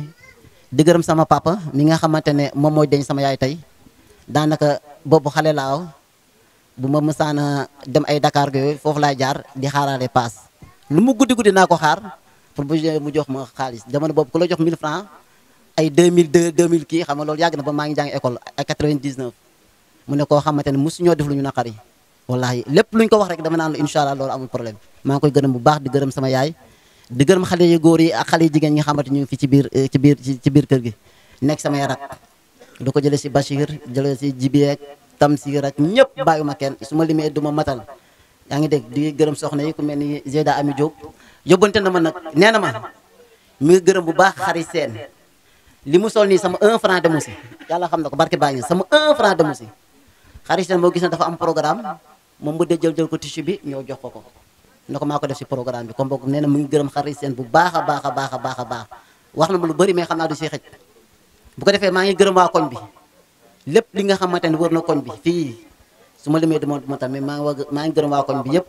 di gërëm sama papa mi nga xamante ne moom mooy deñ sama yaay tey daanaka boobu xale laaw bu ma mësaana dem ay Dakar ge foofu laay jaar di xaarale pass lu mu guddi guddi naa ko xaar pour bu mu jox ma xaalis jamono ko la jox 1000 francs ay 2002 2000 ki xam nga loolu yag na ba ma ngi jang école ay 99 mu ne ko xamante musu ñoo def lu ñu nakari wallahi lepp luñ ko wax rek dama naan la incha amul problème ma ngi koy gëreum bu baax di gëreum sama yaay di gëreum xalé yi goor yi ak xalé yi jigen yi xamanteni ñu fi ci biir ci biir ci biir kër gi nek sama rak du ko si Bachir jëlee si tamsir ak ñëpp bàyyuma kenn su ma limee du matal ya ngi dégg di gërëm soxna yi ku melni zeda Ami job yóbbante na ma nak néna ma mi ngi gërëm bu baax xari seen li sol ni sama 1 franc de musi yalla xam na ko barke bàyyi sama 1 franc de musi xari seen moo gis na dafa am programme moom bu jël jël ko tissu bi ñoo jox ko ko ne ko def ci programme bi comme boog néna mu ngi gërëm xari seen bu baaxa baaxa baaxa baaxa baax waxna mu lu bari mais xamna du si xej bu ko defé ma ngi gërëm wa koñ bi lépp li nga xamante ne wër na koñ bi fii su ma limee du ma tamit maa ngi waa maa ngi gërëm waa koñ bi yëpp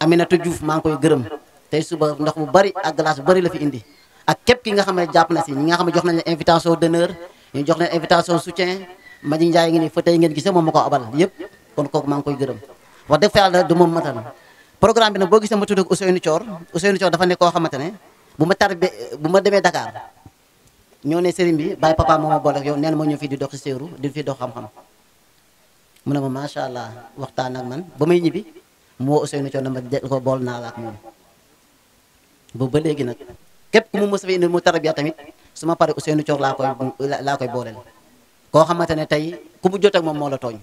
Aminata Diouf maa ngi koy gërëm tey suba ndox bu bari ak glace bu bari la fi indi ak képp ki nga xam ne jàpp na si ñi nga xam ne jox nañu invitation d'honneur ñu jox nañu invitation soutien Madi Ndiaye ngi ne fa tey ngeen gisee moom ma ko abal yëpp kon kooku maa ngi koy gërëm wax dëgg fa yàlla du ma matal programme bi nag boo gisee ma tudd ak Ousseynou Thior Ousseynou Thior dafa nekk koo xamante ne bu ma tarbe bu ma demee Dakar ñoo ne sëriñ bi bàyyi papa moo ma boole ak yow nee na ma ñëw fii di dox si séeru di fi dox xam-xam mu ne ma macha allah waxtaan ak man ba may ñibbi mu woo Ousseynou Thion ma jël ko bool naa laa ak moom boobu ba léegi nag képp ku mu mos a indi mu tarbiya tamit su ma paree Ousseynou Thion laa koy laa koy booleel. koo xamante ne tey ku mu jot ak moom moo la tooñ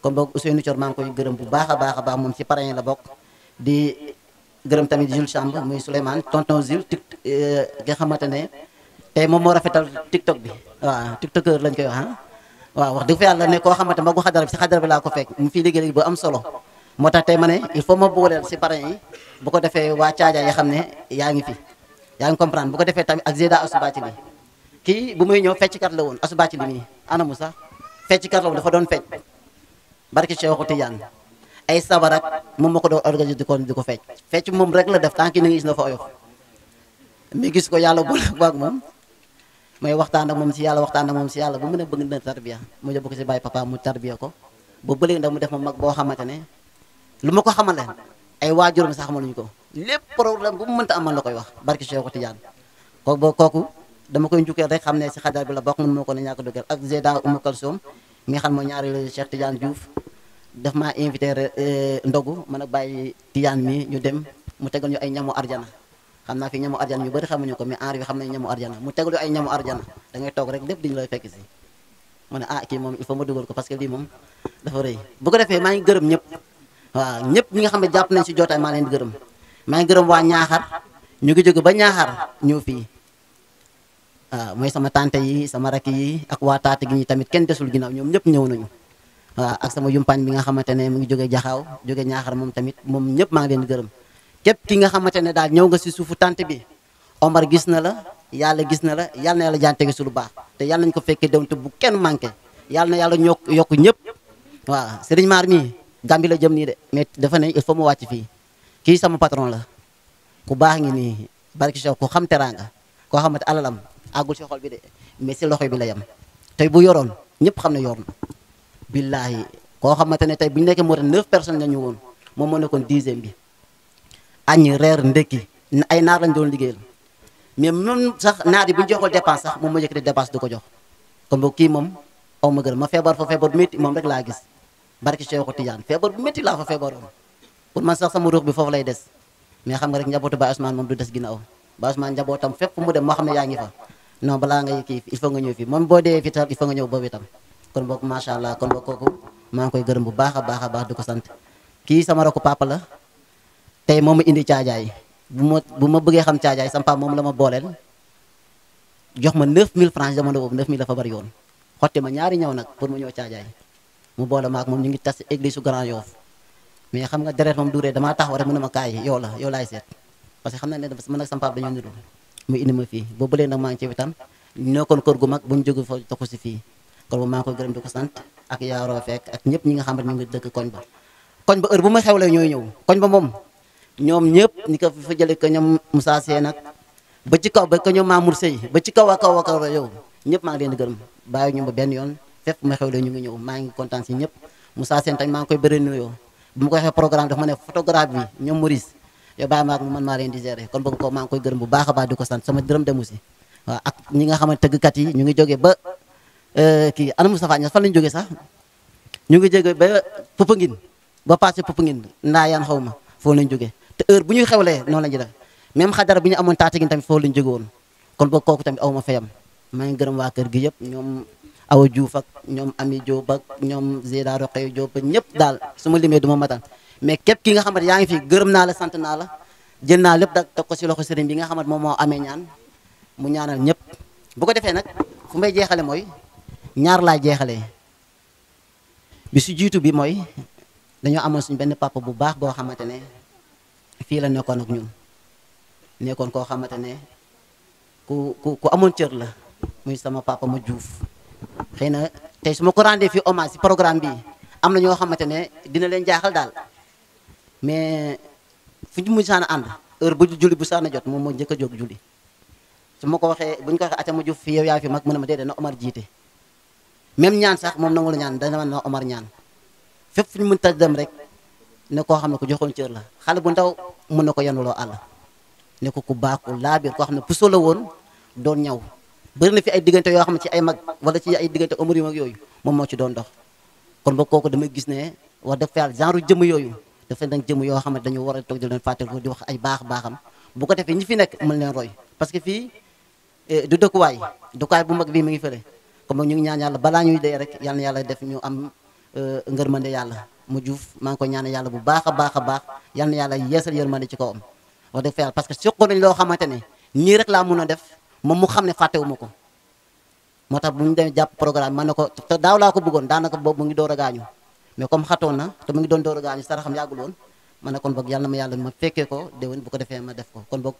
kon boog Ousseynou Thion maa ngi koy gërëm bu baax a baax a baax moom ci parrain la bokk di gërëm tamit Jules Chamb muy Souleymane tonton Jules euh, nga xamante ne. tey eh, moom moo rafetal tiktok bi waa waaw tiktokeur lañ koy wax ah. waaw wax dëgg fa yàlla ne koo xamante magu xadara bi si xadara bi laa ko fekk mu fi liggéey bu am solo moo tax tey ma ne il faut ma booleel si parrain yi bu ko defee waa caaja yi xam ne yaa ngi fi yaa ngi comprendre bu ko defee tamit ak Zeda Asubati bi kii bu muy ñëw fecckat la woon Asubati bi nii anamu sax fecckat la woon dafa doon fecc barki Cheikh Tidiane ay sabar moom moo ko doon organisé di di ko fecc fecc moom rek la def tant que ni na fa oyof ko yàlla boole ak may waxtaan ak mom ci yalla waxtaan ak mom ci yalla bu mu ne bëgg na tarbiya mu ko ci papa mu tarbiya ko bu bëlé ndam mu def mom mag bo xamantene lu mako xamal leen ay wajurum sax xamaluñu ko lepp problème bu mu mënta amal la koy wax barki Cheikh Tidiane ko bo koku dama koy njukkeel rek xamne ci si bi la bokk mu ko ne ñaa dugal ak zeda umu Kalsoum eh, mi xal mo ñaari le Cheikh Tidiane Diouf daf ndogu man ak bàyyi Tidiane mi ñu dem mu tegal ñu ay ñamu arjana xam naa fi ñamu arjana ñu bëri xamuñu ko mais enri bi xam nañ ñamu arjana mu teglu ay ñamu arjana da toog rek lépp diñu lay fekk si mu ne ah kii moom il faut ma dugal ko parce que lii moom dafa rëy bu ko defee maa ngi gërëm ñëpp waaw ñëpp ñi nga xam ne jàpp nañ si jootaay maa leen gërëm maa gërëm waa ñaaxar ñu ngi jóge ba ñëw fii mooy sama tante yi sama rakk yi ak waa taate gi ñi tamit kenn desul ginnaaw ñoom ñëpp ñëw nañu ak sama yumpaañ bi nga xamante ne mu ngi jóge jaxaaw jóge ñaaxar moom tamit moom ñëpp maa ngi leen gërëm képp ki nga xamante ne daal ñëw nga si suufu tànt bi Omar gis na la yàlla gis na la yàlla na yàlla jantegi su lu baax te yàlla nañ ko fekkee dem déwnte bu kenn manqué yàlla na yàlla ñoo yokk ñëpp waaw Serigne Mar mii Gàmbi la jëm nii de mais dafa ne il mu wàcc fii kii sama patron la ku baax ngi nii barki Cheikh xam teraanga koo xamante alalam àggul si xol bi de mais loxo bi la yem tey bu yoroon ñëpp xam ne yor na billaahi koo xamante ne tey bu ñu nekkee moo tax neuf personnes la ñu woon moom moo nekkoon dixième bi agni reer ndeki ay naar lañ doon liggéeyal mais même sax naar yi bu ñu dépense sax mom mo jëk dépense du ko jox kon boog kii moom aw ma gërëm ma feebar fa feebar metti mom rek la gis barki Cheikhou Tidiane feebar bu metti la fa feebaroon pour man sax sama ruux bi fofu lay dess mais xam nga rek njabotu ba Ousmane mom du dess ginaaw ba Ousmane njabotam fepp mu dem moo xam ne yaa fa non balaa nga yiki il faut nga ñëw fi mom bo dee fi tam il faut nga ñëw boobu tam kon ma sha allah kon boog koku ma ngi koy gërëm bu baaxa baaxa baax a ko sama rakku papa la tey moom ma indi caajaay bu ma bu ma bëggee xam caajaay sama moom la ma booleel jox ma 9000 francs jamono boobu 9000 dafa bari yoon xotti ma ñaari ñaw nag pour ma ñëw caajaay mu boole maak moom ñu ngi tas église su Grand Yoff mais xam nga deret moom damaa taxaw rek mu ne ma kaay yow la yow laay seet parce que xam na ne man nag sama papa dañoo niru mu indi ma fii boobu léegi nag maa ngi ci witam nekkoon kër gu mag bu ñu jógee fa toxu si fii kon bu maa ngi ko sant ak yaaroo fekk ak ñëpp ñi nga xam ne ñu ngi dëkk koñ ba koñ ba heure bu ma xewlee ñooy ñëw koñ ba moom ñom ñëpp ni ko fa jale ko ñom Moussa Seye nak ba ci kaw ba ko ñom Mamour Seye ba ci kaw a kaw a yow ñëpp ma ngi leen di gërëm bàyyi ñu ba ben yoon fep ma xew ñu ngi ñëw maa ngi content ci ñëpp Moussa Seye tamit ma ngi koy bëre nuyo bu ma ko waxee programme dafa ma ne photographe bi ñom Maurice yow ma ak man ma leen di géré kon bëgg ko ma ngi koy gërëm bu baaxa ba diko sant sama dërëm dem aussi wa ak ñi nga tegg kat yi ñu ngi joggé ba euh, ki ana Moustapha ñu fa lañu joggé sax ñu ngi joggé ba Popengine ba passé Popengine nda yaan xawma fo lañ te heure bu ñuy xewlee noonu la ji def même xadara bi ñu amoon taatagin tamit foofu la ñu jóge woon kon boog kooku tamit aw ma fayam maa ngi gërëm waa kër gi yëpp ñoom aw Diouf ak ñoom Ami Diop ak ñoom Zeyda Roqe Diop ñëpp daal su ma limee ma matal mais képp ki nga xam yaa ngi fi gërëm naa sant naa la jël lépp da teg ko si loxo sëriñ bi nga xam moom moo amee ñaan mu ñaanal ñëpp bu ko defee nag fu may jeexale mooy ñaar laa jeexale bi su jiitu bi mooy dañoo amoon suñu benn papa bu baax boo xamante ne fii la nekkon ak ñun nekkon ko xamantene ku ku ku amon cieur la muy sama papa ma juuf xeyna tay suma ko rendez fi hommage si programme bi amna ño xamantene dina leen jaaxal dal. mais fuñu mu sana and heure bu julli bu sana jot mo mo jëk jog julli suma ko waxe buñ ko waxe ata juuf fi yow ya fi mak mëna ma na Omar jité même ñaan sax moom nangu la ñaan dana man na Omar ñaan fépp fuñu mën ta dem rek ne koo xam ne ko joxoon cër la xale bu ndaw mën na ko loo àll ne ko ku baax ku laa biir koo xam ne puso la woon doon ñaw bëri na fi ay diggante yoo xam ne ci ay mag wala ci ay diggante omar yu yooyu moom moo ci doon dox kon ba kooku damay gis ne wax dëgg fa yàlla genre yooyu dafa nekk jëmm yoo xam ne dañu war a toog di leen fàttaliku di wax ay baax baaxam bu ko defee ñi fi nekk mën leen roy parce que fii eh, du dëkk waay dëkkuwaay dëkkuwaay bu mag bii mu ngi fële comme ñu ngi ñaan yàlla balaa ñuy dee rek yàlla na def ñu am eh, ngërmande yàlla mu juuf maa ngi ko ñaan yàlla bu baax a baax a baax yal na yàlla yeesal yërmande ci kawam wax dëgg fa yàlla parce que seqoon nañ loo xamante ne nii rek laa mun a def moom mu xam ne fàttewuma ko moo tax bu ñu demee jàpp programme man ne ko te laa ko bëggoon daanaka boobu mu ngi door a gaañu mais comme na te mu ngi doon door a gaañu saraxam yàggul woon ma ne kon boog yàlla ma yàlla ma fekkee ko déwén bu ko defee ma def ko kon boog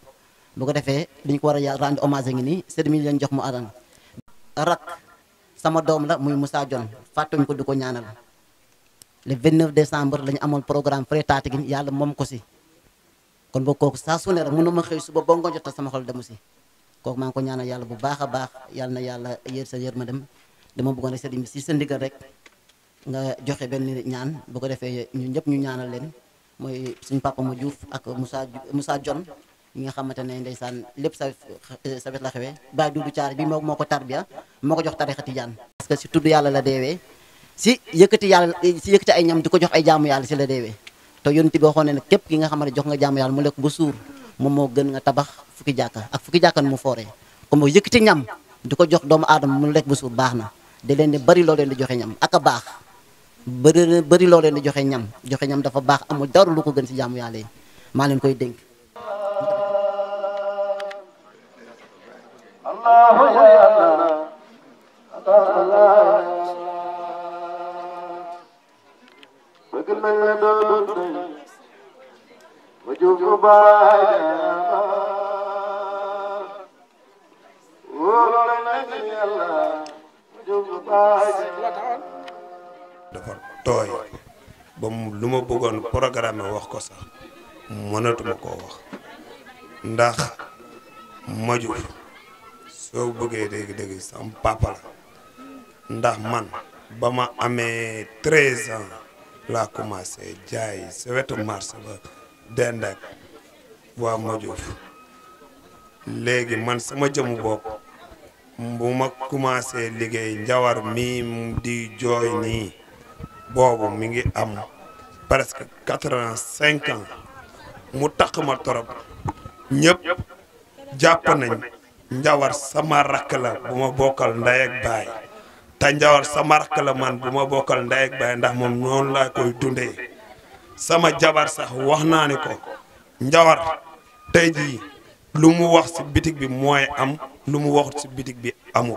bu ko defee dañu ko war a rendre hommage ngi nii sedd mi leen jox mu adan rak sama doom la muy Moussa Dione fàttuñ ko du ko ñaanal le 29 décembre lañ amoon programme frétaté gi yalla mom ko si kon boog kooku saa su ne rek mënuma xëy suba bongo jotta sama xol dem si kooku maa ko ñaanal yalla bu baaxa baax yalla na yalla yeer sa yeer ma dem dama bëggoon rek sëriñ bi si sa rek nga joxe ben ñaan bu ko defee ñun ñëpp ñu ñaanal leen moy suñu papa mo Diouf ak Moussa Moussa John ñi nga xamantene ndeysaan sa sa wet la xewé ba duudu ciar bi moo moo tarbiya moko jox tarikhati jaan parce que ci tuddu yalla la déwé si yëkëti yalla si yëkëti ay ñam diko jox ay jaamu yalla ci la déwé to yoonte bi waxone nak kep ki nga xamane jox nga jaamu yalla mu lek bu suur mom mo gën nga tabax fukki jaaka ak fukki jaaka mu foré ko mo yëkëti ñam diko jox doomu adam mu lek bu suur baxna de len bari lo len di joxe ñam aka bah bari bari lo len di joxe ñam joxe ñam dafa baax amul daru lu ko gën ci jaamu yalla ma len koy denk Allahu Akbar mel ne doon nañ ba jóg mu baay jaamaar wóolu nañ ne yàlla ba jóg mu baay jaamaar dafa ndax majur soo bëggee dégg-dégg sam papa ndax man bama ma amee ans laa commencé jaay si wetu marché ba dend ak waa Modjouf léegi man sama jëm bopp bu ma commencé liggéey njawar mi di jooy nii boobu mi ngi am presque quatre-vingt-cinq ans mu taq ma torop ñëpp jàpp nañ njawar sama rakk la bu ma bokkal ndey ak baay Tandiawar sa marque la man buma bokal nday ak bay ndax mom non la koy dundé sama jabar sax wax naa ko Ndiawar tay ji lu wax ci bitik bi moy am lu mu waxut ci bitik bi amu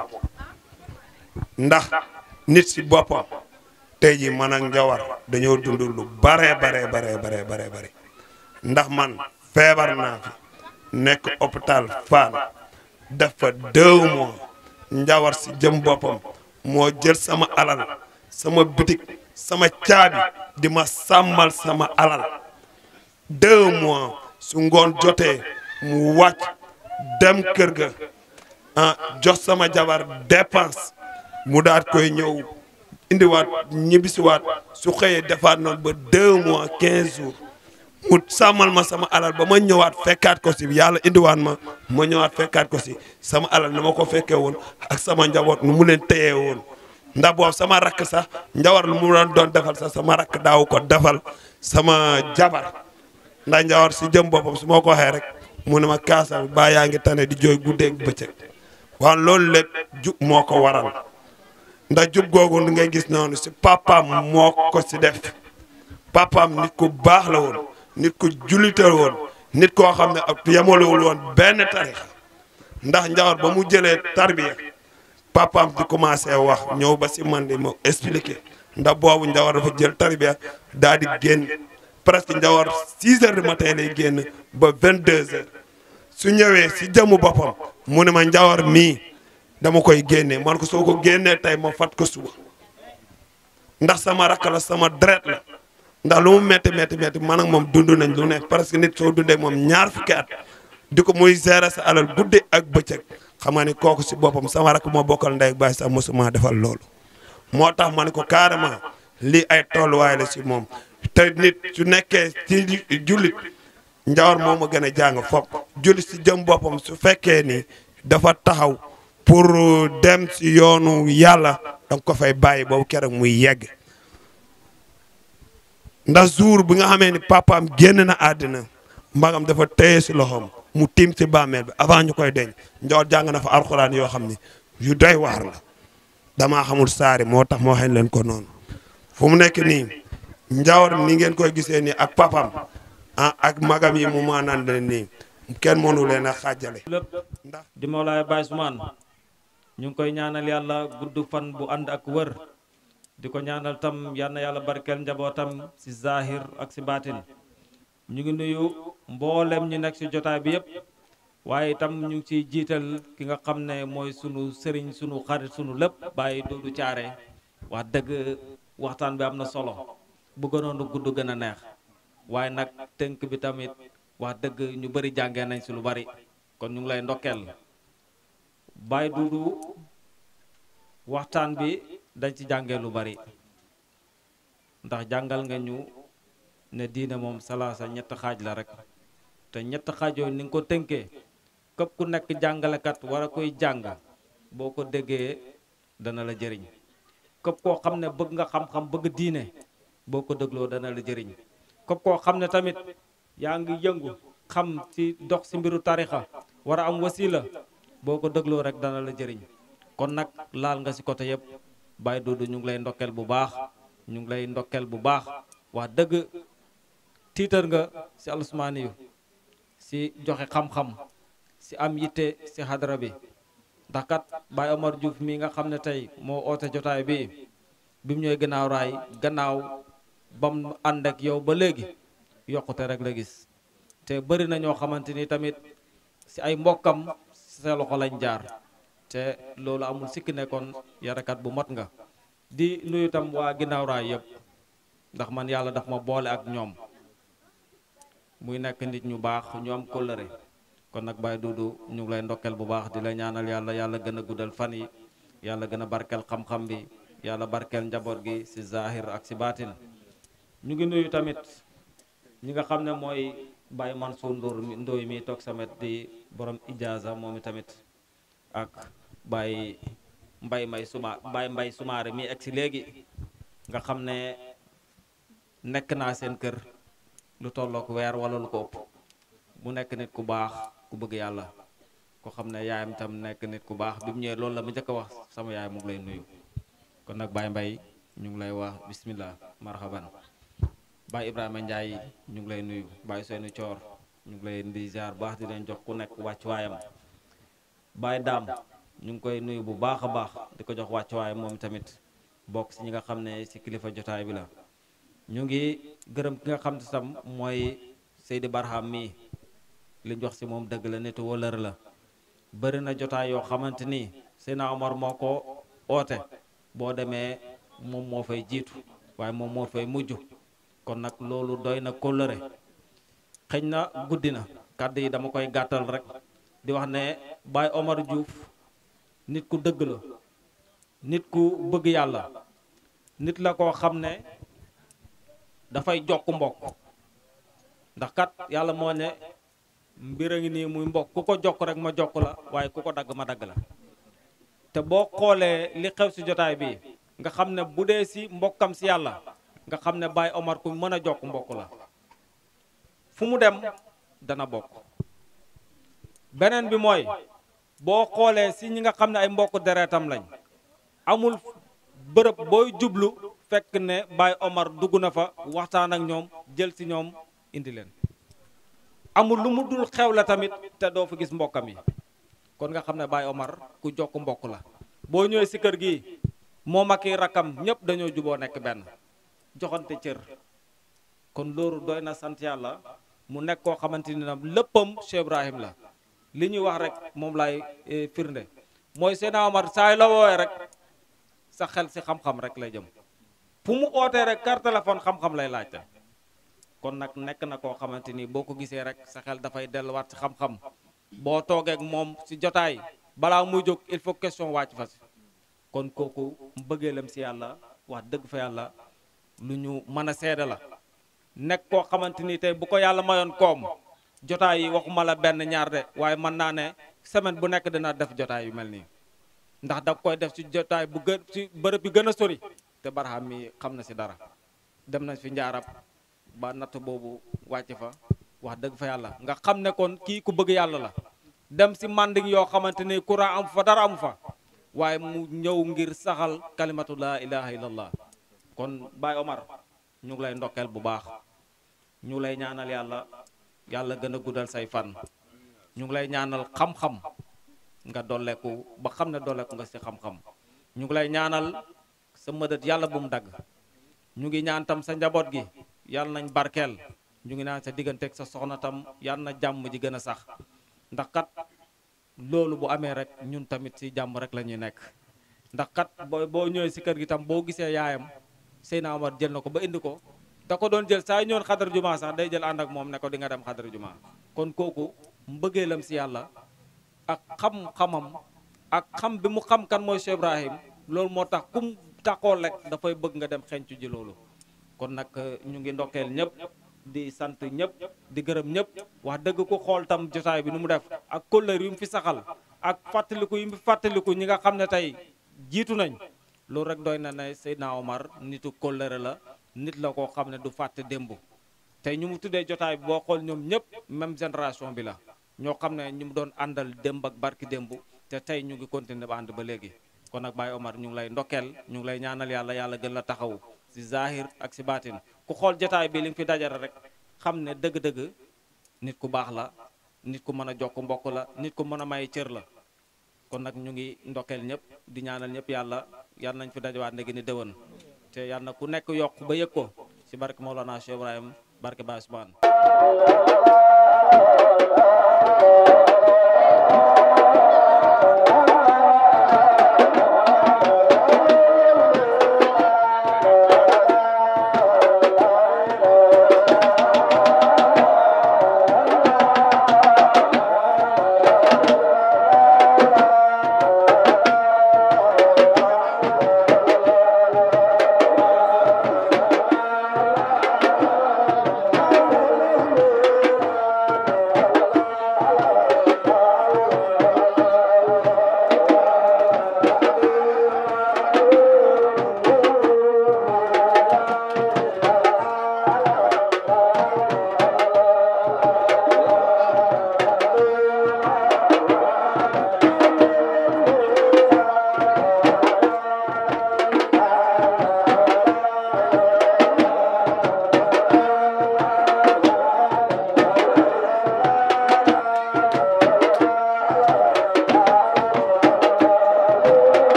ndax nit ci bopam tay ji man ak dulu dañu bare lu bare bare bare bare bare bare ndax man febar na fi nek hôpital Fann dafa deux mois Ndiawar ci jëm bopam moo jël sama alal sama bitig sama caabi di ma sàmmal sama alal deux mois su ngoon jotee mu wàcc dem kër ga ah jox sama jabar dépense mu daat koy ñëw indiwaat ñibbisiwaat su xëyee defaat noonu ba deux mois quinze jours mut samal ma sama alal ba ma ñëwaat fekkaat ko si yàlla waan ma ma ñëwaat fekkaat ko si sama alal na ma ko fekkee woon ak sama njaboot nu mu leen téyee woon ndax boobu sama rakk sax njawar lu mu doon doon defal sax sama rakk daaw ko defal sama jabar ndax njawar si jëm boppam su ma ko waxee rek mu ne ma kaasam baa yaa ngi tane di jooy guddeeg bëccëg waaw loolu lépp jub moo ko waral ndax jub googu ngay gis noonu si papaam moo ko si def papaam nit ku baax la woon nit ku jullital won nit ko xamne ne ak yemalewul njawar benn ndax njaar ba mu jele tarbiya papam di commencé wax ñew ba si man di mo expliquer bobu njawar dafa jël tarbiya daal di genn presque njawar 6 h du matin lay genn ba 22 h su ñewé si jamu bopam mu ne ma njawar mi dama koy genné man ko soko genné tay ma fat ko suba ndax sama rakala sama dret la ndax lu metti metti metti man ak mom dundu nañ lu ne parce que nit so dundé mom ñaar fukki at diko ko muy sa alal guddé ak bëccëg xam koku ci bopam sama rak mo bokal nday ak baay sax defal lool motax tax ma ko carrément li ay way la ci mom te nit ci nekké ci julit njawar moma gëna jang fop julit si jëm bopam su féké ni dafa taxaw pour dem si yoonu yalla dang ko fay bo kër ak muy yegg. ndax jour bi nga xamee ni papaam génn na àddina magam dafa téye si loxoom mu tiim ci bàmmeel bi avant ñu koy deñ njool jàng na fa alxuraan yoo xam ni yu doy waar la dama xamul saari moo tax moo xen leen ko noonu fu mu nekk nii njawar ni ngeen koy gisee nii ak papam ah ak magam yi mu maanaan leen nii kenn mënu leen a xaajale lépp di Mawlaay Baay Usmaan ñu ngi koy ñaanal yàlla gudd fan bu ànd ak wër di ñaanal tam yalla yalla barkel njabotam si zahir ak si batin ñu ngi nuyu mbollem ñu nek si jotaay bi yeb waye tam ñu ci jital ki nga xamne ne sunu sëriñ sunu xarit sunu lépp bàyyi doodu caare wa deug waxtaan bi amna solo bu gënoon gudd gën a neex waye nak teunk bi tamit wa deug ñu bari jàngee nañ si lu bari kon ñu ngi lay waxtaan bi dañ ci jàngee lu bari ndax jàngal nga ñu ne diine moom salaasa ñett xaaj la rek te ñett xaajoo ni nga ko tënkee képp ku nekk jàngalekat war a koy jàng boo ko déggee dana la jëriñ képp koo xam ne bëgg nga xam-xam bëgg diine boo ko dégloo dana la jëriñ képp koo xam ne tamit yaa ngi yëngu xam ci dox ci mbiru tarixa war a am wasila boo ko dégloo rek dana la jëriñ kon nag laal nga ci côté yépp bay dodo ñu ngi lay ndokkel bu baax ñu ngi lay ndokkel bu baax wa deug nga si alusmaani yu si joxe xam-xam si am yitte si hadra bi dakat bay Omar Diouf mi nga xamne tay mo moo jotay bi bim ñoy gënaaw gannaaw raay bam and ak yow ba léegi yokkute rek la gis te bari na ño xamanteni tamit si ay mbokam si loxo lañ jaar te loolu amul sikk nekkoon yarakat bu mat nga di nuyu tam waa ginnaaw raay yëpp ndax man yàlla daf ma boole ak ñoom muy nekk nit ñu baax ñu am kóllëre kon nag Baye Doudou ñu ngi lay ndokkeel bu baax di lay ñaanal yàlla yàlla gën a guddal fan yi yàlla gën a barkeel xam-xam bi yàlla barkeel njaboot gi ci zahir ak ci baatin ñu ngi nuyu tamit ñi nga xam ne mooy Baye Mansour Ndour Ndoy mi toog samet di borom ijaaza moom tamit ak Baye mbay Mbaye Souma Baye mbay Soumaré mi egg si léegi nga xam ne nekk naa seen kër lu tollook weer wala lu ko ëpp mu nekk nit ku baax ku bëgg yàlla ko xam ne yaayam tam nekk nit ku baax bi mu ñëwee loolu la ma njëkk a wax sama yaay mu ngi lay nuyu kon nag Baye mbay ñu ngi lay wax bismillah marhaban Baye Ibrahima Ndiaye ñu ngi lay nuyu Baye Seynou Thior ñu ngi lay di ziar baax di leen jox ku nekk waayam Baye Daam ñu ngi koy nuyu bu baax a baax di ko jox wàccuwaay moom tamit bokk si ñi nga xam ne si kilifa jotaay bi la. ñu ngi gërëm ki nga xam ne tam mooy Seydi Barham mii li ñu wax si moom dëgg la nitu wëlër la bëri na jotaay yoo xamante ni Seydina Omar moo ko oote boo demee moom moo fay jiitu waaye moom moo fay mujj kon nag loolu doy na kóllëre xëñ na guddi na kàdd yi dama koy gàttal rek. di wax ne Baye Omar juuf nit ku dëgg la nit ku bëgg yàlla nit la koo xam ne dafay jokk mbokk ndax kat yàlla moo ne mbir a ngi nii muy mbokk ku ko jokk rek ma jokk la waaye ku ko dagg ma dagg la te boo xoolee li xew si jotaay bi nga xam ne bu dee si mbokkam si yàlla nga xam ne Baye Omar ku mën a jokk mbokk la fu mu dem dana bokk beneen bi mooy boo xoolee si ñi nga xam ne ay mbokk deretam lañ amul bërëb booy jublu fekk ne Baye Omar dugg na fa waxtaan ak ñoom jël si ñoom indi leen amul lu mu dul xew la tamit te doo fa gis mbokkam yi kon nga xam ne Baye Omar ku jokk mbokk la boo ñëwee si kër gi moom ak i rakkam ñëpp dañoo juboo nekk benn joxante cër kon loolu doy na sant yàlla mu nekk koo xamante ni nag léppam Ibrahim la li ñuy wax rek moom laay eh, firnde mooy Seydina Omar saa la woowee rek sa xel si xam-xam rek lay jëm fu mu ootee rek kar téléphone xam-xam lay laajte kon nag nekk na koo xamante ni boo ko gisee rek sa xel dafay delluwaat ci xam-xam boo toogeek moom si jotaay balaa muy jóg il faut question wàcc fa si kon kooku mbëggeelam si yàlla wax dëgg fa yàlla lu ñu mën a seede la nekk koo xamante ni bu ko yàlla mayoon koom jotaay yi waxuma la ben ñaar de waye man na ne semaine bu nek dina def jotaay yu melni ndax da koy def ci jotaay bu gën ci bërëb bi sori te barham mi xamna ci dara dem nañ fi njaarab ba nat bobu wàcc fa wax deug fa yalla nga xamne kon ki ku bëgg yalla la dem ci manding yo xamante ne courant am fa dara am fa waye mu ñew ngir saxal kalimatu la ilaha illallah kon bay Omar ñu ngi lay ndokkeel bu baax ñu lay ñaanal yalla yàlla gën a guddal say fan ñu ngi lay ñaanal xam-xam nga dolleeku ba xam ne dolleeku nga ci xam-xam ñu ngi lay ñaanal sa mëdët yàlla bu mu dagg ñu ngi ñaan tam sa Jamu gi yàlla nañ barkeel ñu ngi naan sa digganteeg sa soxna tam yàlla na jàmm ji gën sax ndax kat loolu bu amee rek ñun tamit ci jàmm rek la nekk ndax kat boo boo ci kër gi tam boo yaayam Omar jël ba indi ko da ko don jël saa ñoon xadar juma sax day jël ànd ak ne ko di nga dem xadar juma kon koku mbeugelam si yalla ak xam-xamam ak xam bi mu xam kan moy Cheikh Ibrahim loolu motax kum taxool rek fay bëgg nga dem xencu ji kon nak euh, ñu ngi nyep ñep di sante ñep di gërëm ñep wax deug ku xol tam jotaay bi nu mu def ak kóllëre yu mu fi saxal ak fàttaliku yu mu fàttaliku ñi nga xam ne tey jiitu nañ loolu rek doyna ne sayyidna Omar nitu la nit la koo xam ne du fàtte démb tey ñu mu tuddee jotaay bi boo xool ñoom ñëpp même génération bi la ñoo xam ne ñu mu doon àndal démb ak barki démb te tey ñu ngi continuer ba ànd ba léegi kon nag Baye Omar ñu ngi lay ndokkeel ñu ngi lay ñaanal yàlla yàlla gën la taxaw si zahir ak si baatin ku xool jotaay bi li nga fi dajara rek xam ne dëgg-dëgg nit ku baax la nit ku mën a jokk mbokk la nit ku mën a may cër la kon nag ñu ngi ndokkeel ñëpp di ñaanal ñëpp yàlla yàlla nañ fi dajawaat léegi ni déwén te yàlla na ku nekk yokk ba yëg ko ci barke Mawlana Cheikh Ibrahim barke Baye Ousmane